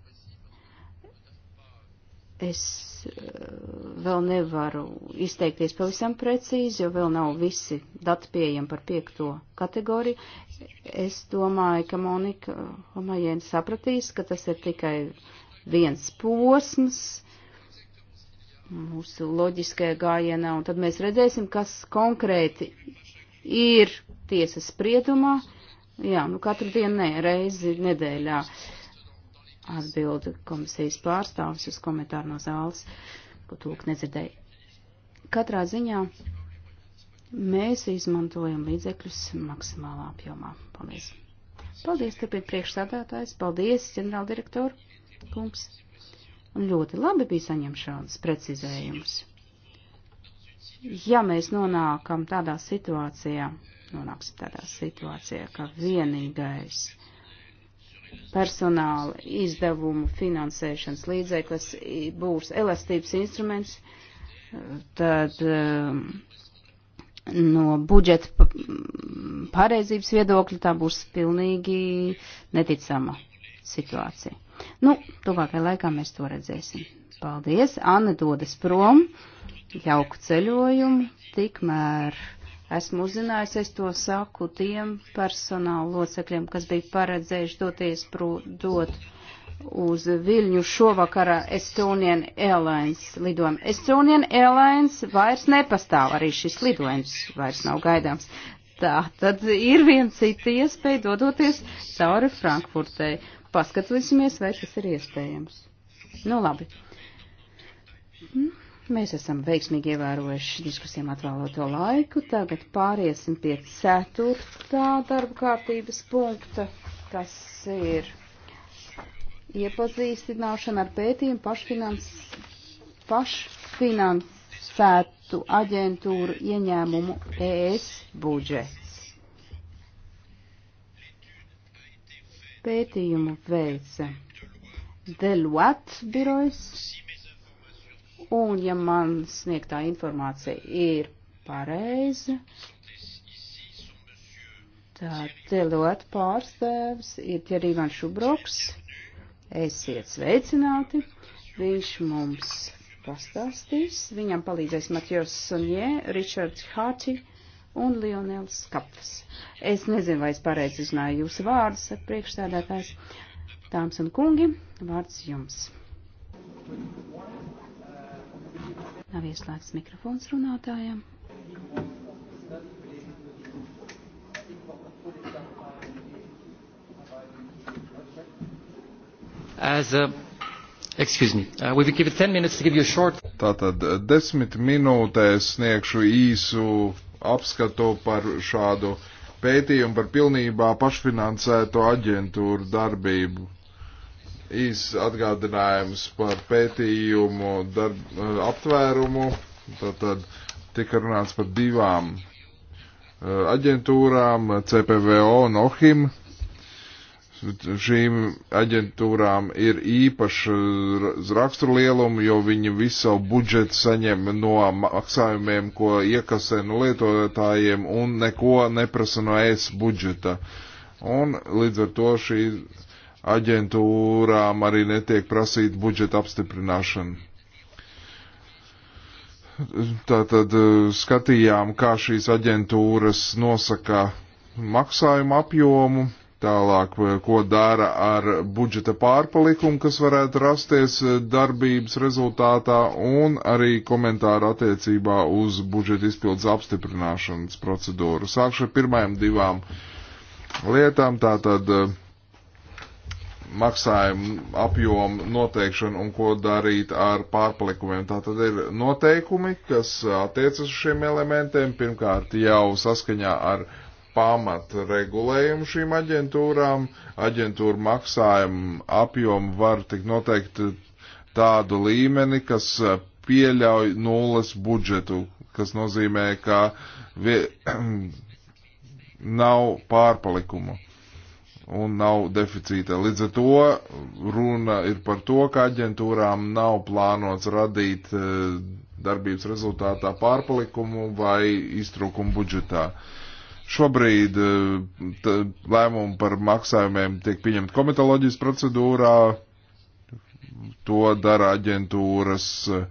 Es eh, vēl nevaru izteikties pavisam precīzi, jo vēl nav visi dati pieejami par piekto kategoriju. Es domāju, ka Monika Homajēna sapratīs, ka tas ir tikai viens posms mūsu loģiskajā gājienā, un tad mēs redzēsim, kas konkrēti ir tiesas spriedumā. Jā, nu katru dienu nē, reizi nedēļā. Uh, atbildi komisijas pārstāvis uz komentāru no zāles, ko tūk nedzirdēja. Katrā ziņā mēs izmantojam līdzekļus maksimālā apjomā. Paldies! Paldies, turpina priekšsādātājs, paldies, ģenerāldirektoru kungs. Un ļoti labi bija saņemt šādus precizējumus. Ja mēs nonākam tādā situācijā, nonāksim tādā situācijā, ka vienīgais personāla izdevumu finansēšanas līdzeklis būs elastības instruments, tad um, no budžeta pareizības viedokļa tā būs pilnīgi neticama situācija. Nu, tuvākajā laikā mēs to redzēsim. Paldies, Anna dodas prom, jauku ceļojumu, tikmēr. Esmu uzzinājusi, es to saku tiem personāla locekļiem, kas bija paredzējuši doties prū, dot uz Viļņu šovakarā Estonian Airlines lidojumu. Estonian Airlines vairs nepastāv, arī šis lidojums vairs nav gaidāms. Tā tad ir viena cita iespēja dodoties cauri Frankfurtei. Paskatīsimies, vai tas ir iespējams. Nu labi. Hmm. Mēs esam veiksmīgi ievērojuši diskusijām atvēloto laiku. Tagad pāriesim pie ceturtā darba kārtības punkta, kas ir iepazīstināšana ar pētījumu pašfinans, pašfinansētu aģentūru ieņēmumu ES budžets. Pētījumu veica Deluat birojs Un, ja man sniegtā informācija ir pareiza, tad Deloitte pārstāvs ir Ķerīvan Šubroks. Esiet sveicināti. Viņš mums pastāstīs. Viņam palīdzēs Matjos Sonjē, Ričards Hāči un Lionels Kapfs. Es nezinu, vai es pareizi izrunāju jūsu vārdus, saka priekšstādātājs. Tāms un kungi, vārds jums. Thank you. Nav ieslēgts mikrofons runātājiem. As a Excuse me. Uh, we will give it 10 minutes to give you a short. Tātad uh, desmit minūtēs sniegšu īsu apskatu par šādu pētījumu par pilnībā pašfinansēto aģentūru darbību īs atgādinājums par pētījumu darb, aptvērumu. Tātad tika runāts par divām eh, aģentūrām, CPVO un OHIM. Šīm aģentūrām ir īpaša eh, rakstura lieluma, jo viņi visu savu budžetu saņem no maksājumiem, ko iekasē no lietotājiem un neko neprasa no ES budžeta. Un līdz ar to šī uh, aģentūrām arī netiek prasīta budžeta apstiprināšana. Tātad e, skatījām, kā šīs aģentūras nosaka maksājumu apjomu, tālāk, e, ko dara ar budžeta pārpalikumu, kas varētu rasties e, darbības rezultātā, un arī komentāru attiecībā uz budžeta izpildes apstiprināšanas procedūru. Sākšu ar pirmajām divām lietām, tātad uh, maksājumu apjomu noteikšanu un ko darīt ar pārpalikumiem. Tā tad ir noteikumi, kas attiecas uz šiem elementiem. Pirmkārt, jau saskaņā ar pamat regulējumu šīm aģentūrām. Aģentūra maksājumu apjomu var tik noteikti tādu līmeni, kas pieļauj nulles budžetu, kas nozīmē, ka vie, (clears throat) nav pārpalikumu un nav deficīta. Līdz ar to runa ir par to, ka aģentūrām nav plānots radīt e, darbības rezultātā pārpalikumu vai iztrūkumu budžetā. Šobrīd e, lēmumu par maksājumiem tiek pieņemt komitoloģijas procedūrā, to dara aģentūras e,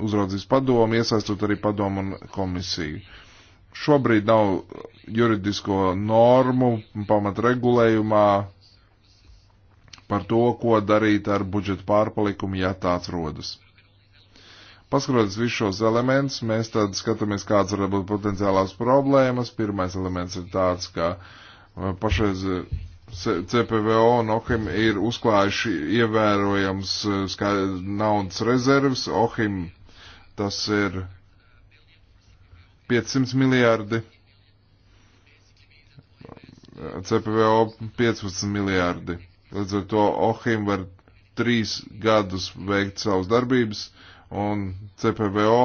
uzraudzības padomu, iesaistot arī padomu un komisiju. Uh, Šobrīd nav juridisko normu pamatregulējumā par to, ko darīt ar budžeta pārpalikumu, ja tāds rodas. Paskatoties visus šos elementus, mēs tad skatāmies, kādas var būt potenciālās problēmas. Pirmais elements ir tāds, ka uh, pašreiz uh, CPVO un OHIM ir uzklājuši ievērojams uh, naudas rezerves. OHIM tas ir 500 miljārdi, CPVO 15 miljārdi. Līdz ar to OHIM var trīs gadus veikt savas darbības, un CPVO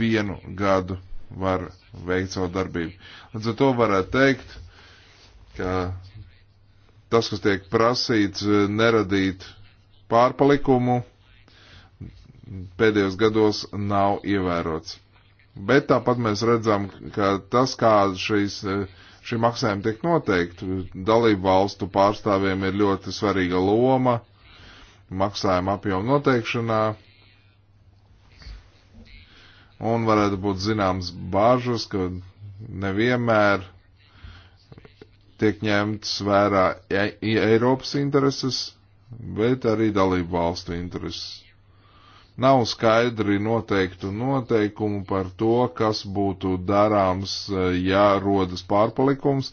vienu gadu var veikt savu darbību. Līdz ar to varētu teikt, ka tas, kas tiek prasīts, neradīt pārpalikumu, pēdējos gados nav ievērots. Bet tāpat mēs redzam, ka tas, kā šīs, e, šī maksājuma tiek noteikti, dalību valstu pārstāvjiem ir ļoti svarīga loma maksājuma apjomu noteikšanā. Un varētu būt zināms bāžas, ka nevienmēr tiek ņemts vērā e, e, Eiropas intereses, bet arī dalību valstu intereses. Nav skaidri noteiktu noteikumu par to, kas būtu darāms, eh, ja rodas pārpalikums,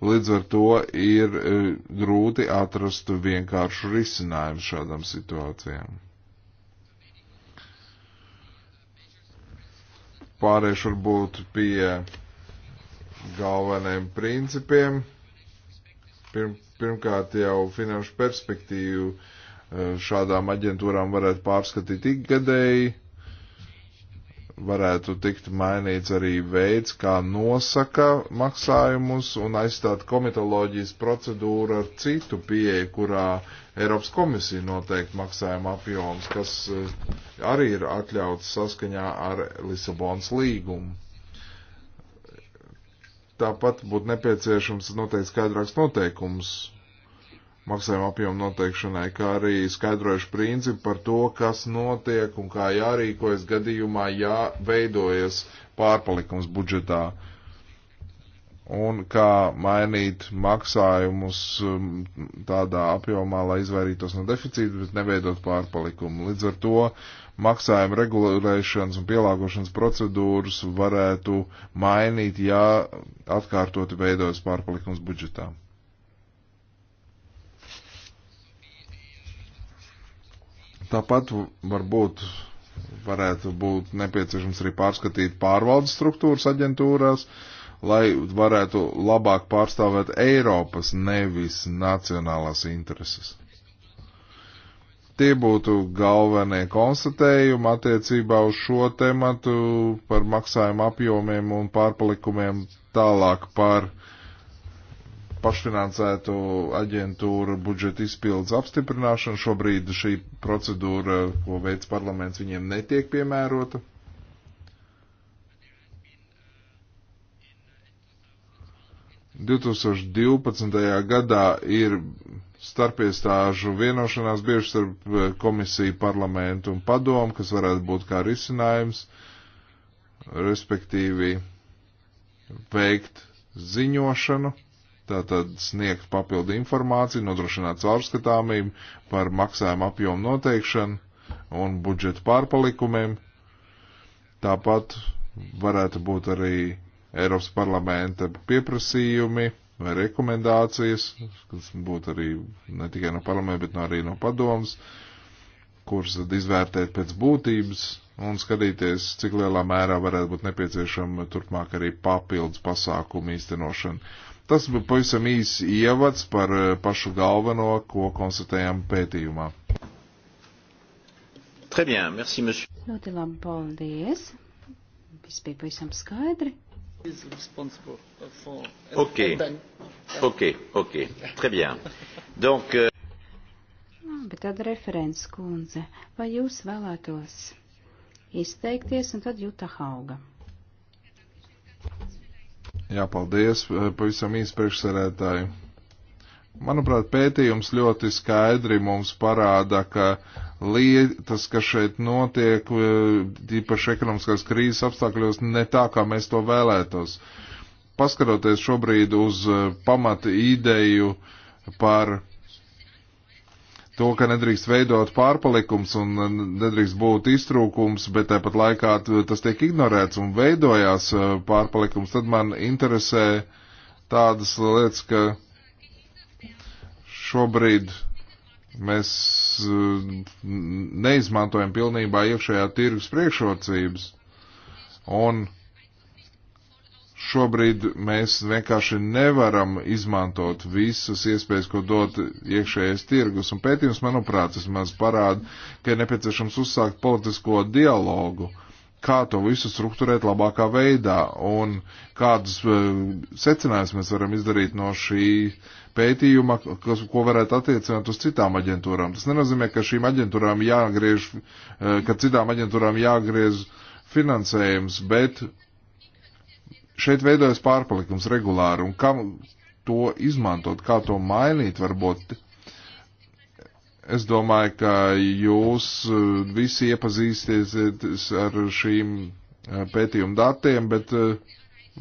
līdz ar to ir eh, grūti atrast vienkāršu risinājumu šādām situācijām. Pārējuši varbūt pie galvenajiem principiem. Pirm, pirmkārt jau finanšu perspektīvu uh, šādām aģentūrām varētu pārskatīt ikgadēji, varētu tikt mainīts arī veids, kā nosaka maksājumus un aizstāt komitoloģijas procedūru ar citu pieeju, kurā Eiropas komisija noteikti maksājuma apjoms, kas eh, arī ir atļauts saskaņā ar Lisabonas līgumu. Tāpat būtu nepieciešams noteikti skaidrāks noteikums maksājuma apjomu noteikšanai, kā arī skaidrojuši principu par to, kas notiek un kā jārīkojas gadījumā, ja veidojas pārpalikums budžetā. Un kā mainīt maksājumus um, tādā apjomā, lai izvairītos no deficīta, bet neveidot pārpalikumu. Līdz ar to maksājuma regulēšanas un pielāgošanas procedūras varētu mainīt, ja atkārtoti veidojas pārpalikums budžetām. Tāpat varbūt varētu būt nepieciešams arī pārskatīt pārvaldes struktūras aģentūrās, lai varētu labāk pārstāvēt Eiropas, nevis nacionālās intereses. Tie būtu galvenie konstatējumi attiecībā uz šo tematu par maksājumu apjomiem un pārpalikumiem tālāk par pašfinansētu aģentūru budžeta izpildes apstiprināšanu. Šobrīd šī procedūra, ko veids parlaments, viņiem netiek piemērota. Un 2012. gadā ir starpiestāžu vienošanās bieži starp eh, komisiju, parlamentu un padomu, kas varētu būt kā risinājums, respektīvi veikt ziņošanu tātad sniegt papildu informāciju, nodrošināt caurskatāmību par maksājumu apjomu noteikšanu un budžeta pārpalikumiem. Tāpat varētu būt arī Eiropas parlamenta pieprasījumi vai rekomendācijas, kas būtu arī ne tikai no parlamenta, bet arī no padomas, kuras tad izvērtēt pēc būtības un skatīties, cik lielā mērā varētu būt nepieciešama turpmāk arī papildus pasākumu īstenošana Tas bija pavisam īsts ievads par eh, pašu galveno, ko konstatējām pētījumā. Très bien, merci, monsieur. Ļoti labi, paldies. Viss bija pavisam skaidri. Ok, ok, ok, très bien. Donc, euh... Labi, tad referents kundze, vai jūs vēlētos izteikties un tad jūta hauga? Jā, paldies. Eh, pavisam īsi priekšsarētāji. Manuprāt, pētījums ļoti skaidri mums parāda, ka lietas, kas šeit notiek, eh, īpaši ekonomiskās krīzes apstākļos, ne tā, kā mēs to vēlētos. Paskaroties šobrīd uz eh, pamata ideju par to, ka nedrīkst veidot pārpalikums un nedrīkst būt iztrūkums, bet tāpat laikā tas tiek ignorēts un veidojās uh, pārpalikums, tad man interesē tādas lietas, ka šobrīd mēs uh, neizmantojam pilnībā iekšējā tirgus priekšrocības. Un šobrīd mēs vienkārši nevaram izmantot visas iespējas, ko dod iekšējais tirgus. Un pētījums, manuprāt, vismaz parāda, ka ir nepieciešams uzsākt politisko dialogu, kā to visu struktūrēt labākā veidā un kādus e, secinājumus mēs varam izdarīt no šī pētījuma, kas, ko varētu attiecināt uz citām aģentūrām. Tas nenozīmē, ka šīm aģentūrām jāgriež, e, ka citām aģentūrām jāgriež finansējums, bet šeit veidojas pārpalikums regulāri, un kam to izmantot, kā to mainīt, varbūt. Es domāju, ka jūs e, visi iepazīsties ar šīm e, pētījumu datiem, bet e,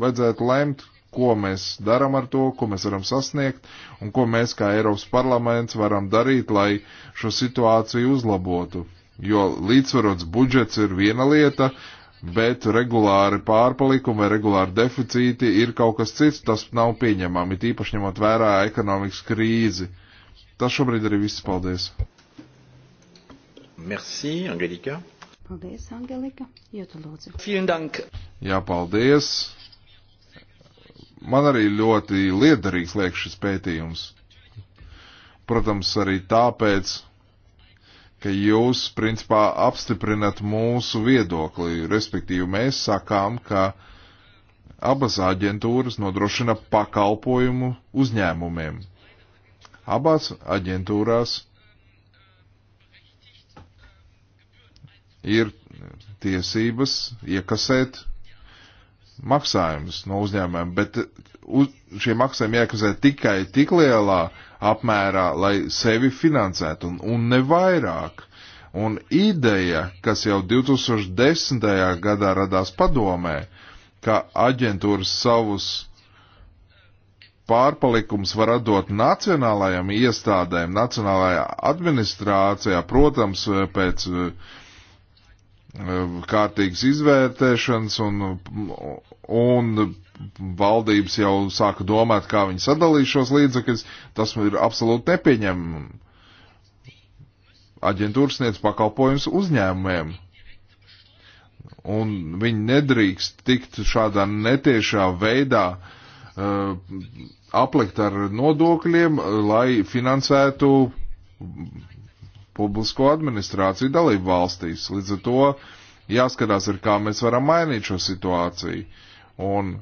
vajadzētu lemt, ko mēs daram ar to, ko mēs varam sasniegt un ko mēs kā Eiropas parlaments varam darīt, lai šo situāciju uzlabotu. Jo līdzsvarots budžets ir viena lieta, bet regulāri pārpalikumi vai regulāri deficīti ir kaut kas cits, tas nav pieņemami, tīpaši ņemot vērā ekonomikas krīzi. Tas šobrīd arī viss. Paldies! Merci, Angelika. Paldies, Angelika. Jūtu lūdzu. Vielen dank. Jā, paldies. Man arī ļoti liederīgs liek šis pētījums. Protams, arī tāpēc, ka jūs, principā, apstiprinat mūsu viedokli, respektīvi mēs sakām, ka abas aģentūras nodrošina pakalpojumu uzņēmumiem. Abās aģentūrās ir tiesības iekasēt maksājumus no uzņēmumiem, bet uz, šie maksājumi jākasē tikai tik lielā apmērā, lai sevi finansētu, un, un ne vairāk. Un ideja, kas jau 2010. gadā radās padomē, ka aģentūras savus pārpalikums var atdot nacionālajām iestādēm, nacionālajā administrācijā, protams, pēc eh, kārtīgas izvērtēšanas un, un valdības jau sāka domāt, kā viņi sadalīs šos līdzekļus, tas ir absolūti nepieņemami. Aģentūra sniedz pakalpojums uzņēmumiem. Un viņi nedrīkst tikt šādā netiešā veidā uh, aplikt ar nodokļiem, uh, lai finansētu publisko administrāciju dalību valstīs. Līdz ar to jāskatās, ar kā mēs varam mainīt šo situāciju. Un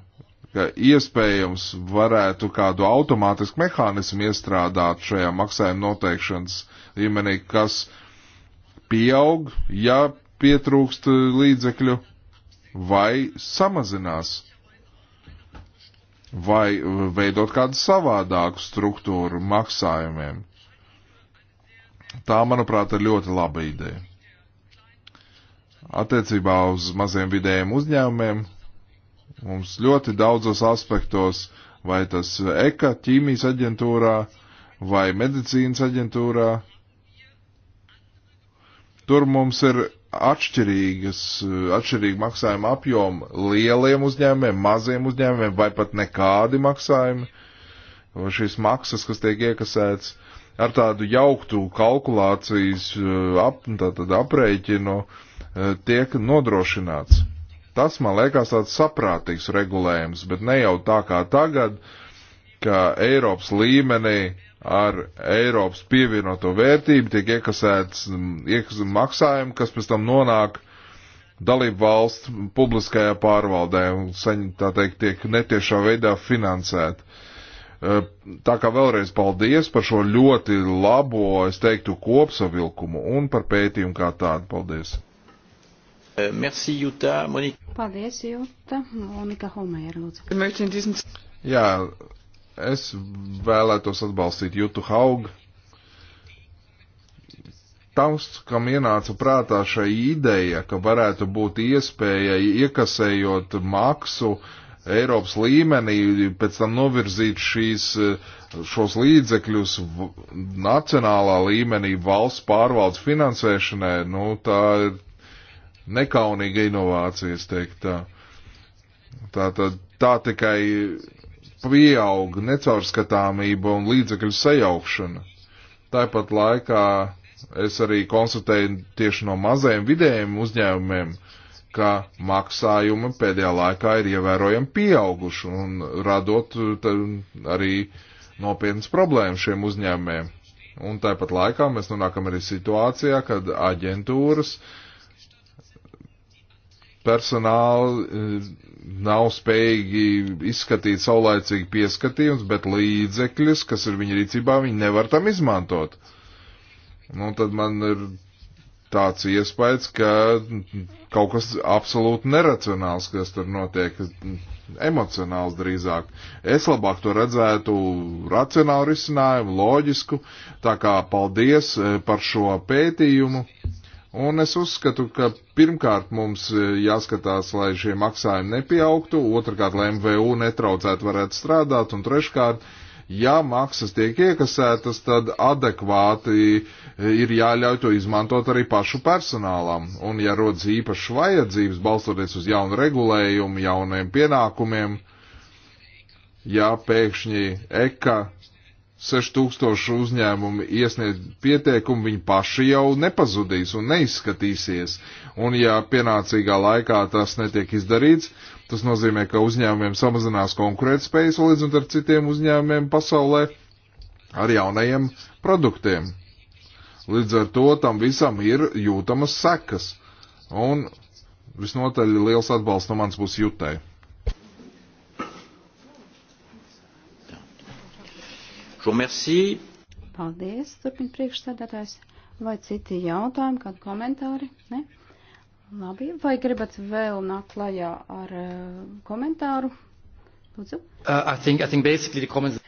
ka iespējams varētu kādu automātisku mehānismu iestrādāt šajā maksājuma noteikšanas līmenī, kas pieaug, ja pietrūkst līdzekļu, vai samazinās, vai veidot kādu savādāku struktūru maksājumiem. Tā, manuprāt, ir ļoti laba ideja. Attiecībā uz maziem vidējiem uzņēmumiem Mums ļoti daudzos aspektos, vai tas EKA ķīmijas aģentūrā vai medicīnas aģentūrā, tur mums ir atšķirīgas, atšķirīgi maksājuma apjoma lieliem uzņēmumiem, maziem uzņēmumiem vai pat nekādi maksājumi. Šīs maksas, kas tiek iekasētas ar tādu jauktu kalkulācijas ap, tā, aprēķinu, tiek nodrošināts. Tas man liekas tāds saprātīgs regulējums, bet ne jau tā kā tagad, ka Eiropas līmenī ar Eiropas pievienoto vērtību tiek iekasēts iekasē maksājumi, kas pēc tam nonāk dalību valsts publiskajā pārvaldē un saņ, tā teikt tiek netiešā veidā finansēti. E, tā kā vēlreiz paldies par šo ļoti labo, es teiktu, kopsavilkumu un par pētījumu kā tādu. Paldies! Eh, merci, Juta. Monika. Paldies, Juta. Monika Holmēra, lūdzu. Jā, es vēlētos atbalstīt Jutu Haugu tausts, kam ienāca prātā šai ideja, ka varētu būt iespēja iekasējot maksu Eiropas līmenī, pēc tam novirzīt šīs, eh, šos līdzekļus nacionālā līmenī valsts pārvaldes finansēšanai, nu tā ir nekaunīga inovācija, es teiktu tā. Tā, tā, tā tikai pieaug necaurskatāmība un līdzekļu sajaukšana. Tāpat laikā es arī konstatēju tieši no mazajiem vidējiem uzņēmumiem, ka maksājumi pēdējā laikā ir ievērojami pieauguši un radot arī nopietnas problēmas šiem uzņēmumiem. Un tāpat laikā mēs nonākam arī situācijā, kad aģentūras uh, personāli eh, nav spējīgi izskatīt saulēcīgi pieskatījums, bet līdzekļus, kas ir viņa rīcībā, viņi nevar tam izmantot. Nu, tad man ir tāds iespējas, ka kaut kas absolūti neracionāls, kas tur notiek, emocionāls drīzāk. Es labāk to redzētu racionālu risinājumu, loģisku, tā kā paldies eh, par šo pētījumu. Un es uzskatu, ka pirmkārt mums e, jāskatās, lai šie maksājumi nepieaugtu, otrkārt, lai MVU netraucētu varētu strādāt, un treškārt, ja maksas tiek iekasētas, tad adekvāti e, ir jāļauj to izmantot arī pašu personālam. Un ja rodas īpašas vajadzības, balstoties uz jaunu regulējumu, jauniem pienākumiem, ja pēkšņi eka 6000 uzņēmumi iesniedz pieteikumu, viņi paši jau nepazudīs un neizskatīsies. Un ja pienācīgā laikā tas netiek izdarīts, tas nozīmē, ka uzņēmumiem samazinās konkurētspējas līdz ar citiem uzņēmumiem pasaulē ar jaunajiem produktiem. Līdz ar to tam visam ir jūtamas sekas. Un visnotaļ liels atbalsts no mans būs jutai. Je vous remercie. Paldies, turpina priekšsēdētājs. Vai citi jautājumi, kādi komentāri? Ne? Labi, vai gribat vēl nākt klajā ar uh, komentāru? Lūdzu. Uh, I think, I think basically the comments...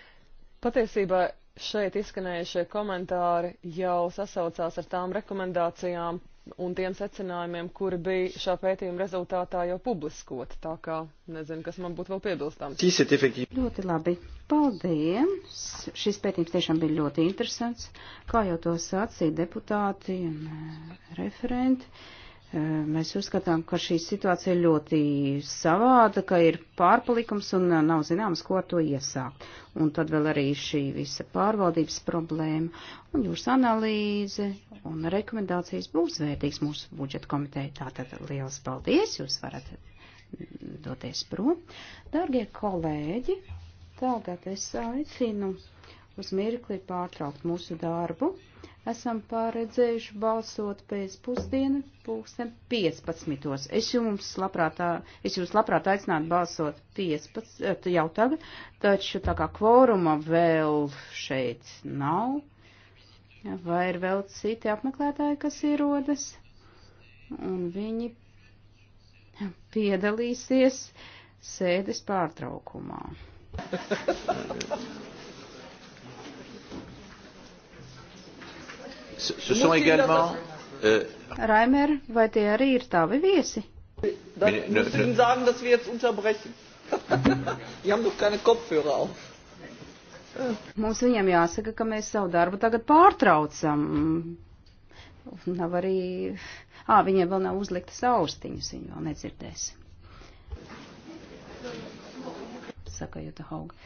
Patiesībā šeit izskanējušie komentāri jau sasaucās ar tām rekomendācijām, un tiem secinājumiem, kuri bija šā pētījuma rezultātā jau publiskoti. Tā kā nezinu, kas man būtu vēl piebilstams. Ļoti labi. Paldies. Šis pētījums tiešām bija ļoti interesants. Kā jau to sacīja deputāti un eh, referenti. Uh, Mēs uzskatām, ka šī situācija ir ļoti savāda, ka ir pārpalikums un nav zināms, ko ar to iesākt. Un tad vēl arī šī visa pārvaldības problēma un jūsu analīze un rekomendācijas būs vērtīgs mūsu budžeta komiteja. Tātad liels paldies, jūs varat doties prom. Dargie kolēģi, tagad es aicinu uz mirkli pārtraukt mūsu darbu esam pārredzējuši balsot pēc pusdienu, pulksten 15. Es jums labprāt, es jūs labprāt aicinātu balsot 15, eh, jau tagad, taču tā kā kvoruma vēl šeit nav, vai ir vēl citi apmeklētāji, kas ierodas, un viņi piedalīsies sēdes pārtraukumā. (laughs) Ce sont également. Euh, Raimer, vai tie arī ir tavi viesi? Dann müssen wir Ihnen sagen, dass wir jetzt unterbrechen. (laughs) Die haben doch keine Kopfhörer auf. Mums viņam jāsaka, ka mēs savu darbu tagad pārtraucam. Nav arī. Ā, viņiem vēl nav uzliktas austiņas, viņi vēl nedzirdēs. Saka Juta Hauga.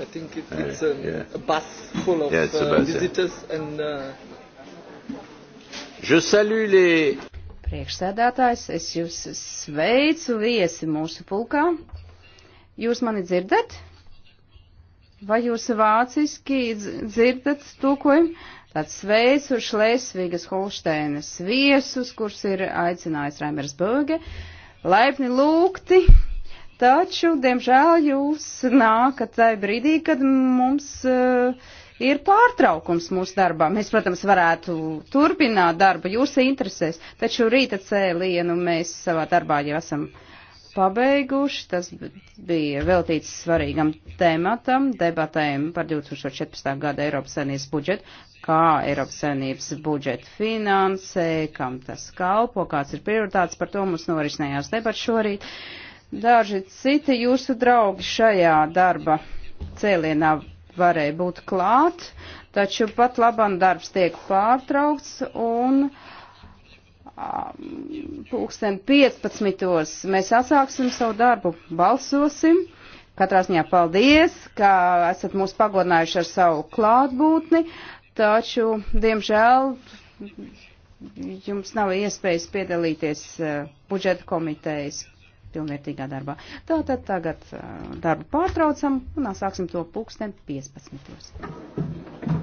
I think it, it's a, yeah. a bus full of yeah, uh, bus, uh, visitors yeah. and. Uh, Je salue les. Priekšsēdētājs, es jūs sveicu viesi mūsu pulkā. Jūs mani dzirdat? Vai jūs vāciski dzirdat tūkojumu? Tad sveicu Šlēsvigas Holšteinas viesus, kurus ir aicinājis Rēmers Böge. Laipni lūgti! Taču, diemžēl, jūs nākat tajā brīdī, kad mums uh, ir pārtraukums mūsu darbā. Mēs, protams, varētu turpināt darbu jūsu interesēs, taču rīta cēlienu mēs savā darbā jau esam pabeiguši. Tas bija veltīts svarīgam tematam, debatēm par 2014. gada Eiropas Savienības budžetu, kā Eiropas Savienības budžetu finansē, kam tas kalpo, kāds ir prioritāts, par to mums norisinājās debats šorīt. Uh, daži citi jūsu draugi šajā darba cēlienā varēja būt klāt, taču pat labam darbs tiek pārtraukts un um, pulksten 15. mēs atsāksim savu darbu, balsosim. Katrā ziņā paldies, ka esat mūs pagodinājuši ar savu klātbūtni, taču, diemžēl, jums nav iespējas piedalīties uh, budžeta komitejas pilnvērtīgā darbā. Tātad tagad uh, darbu pārtraucam un sāksim to pulksten 15.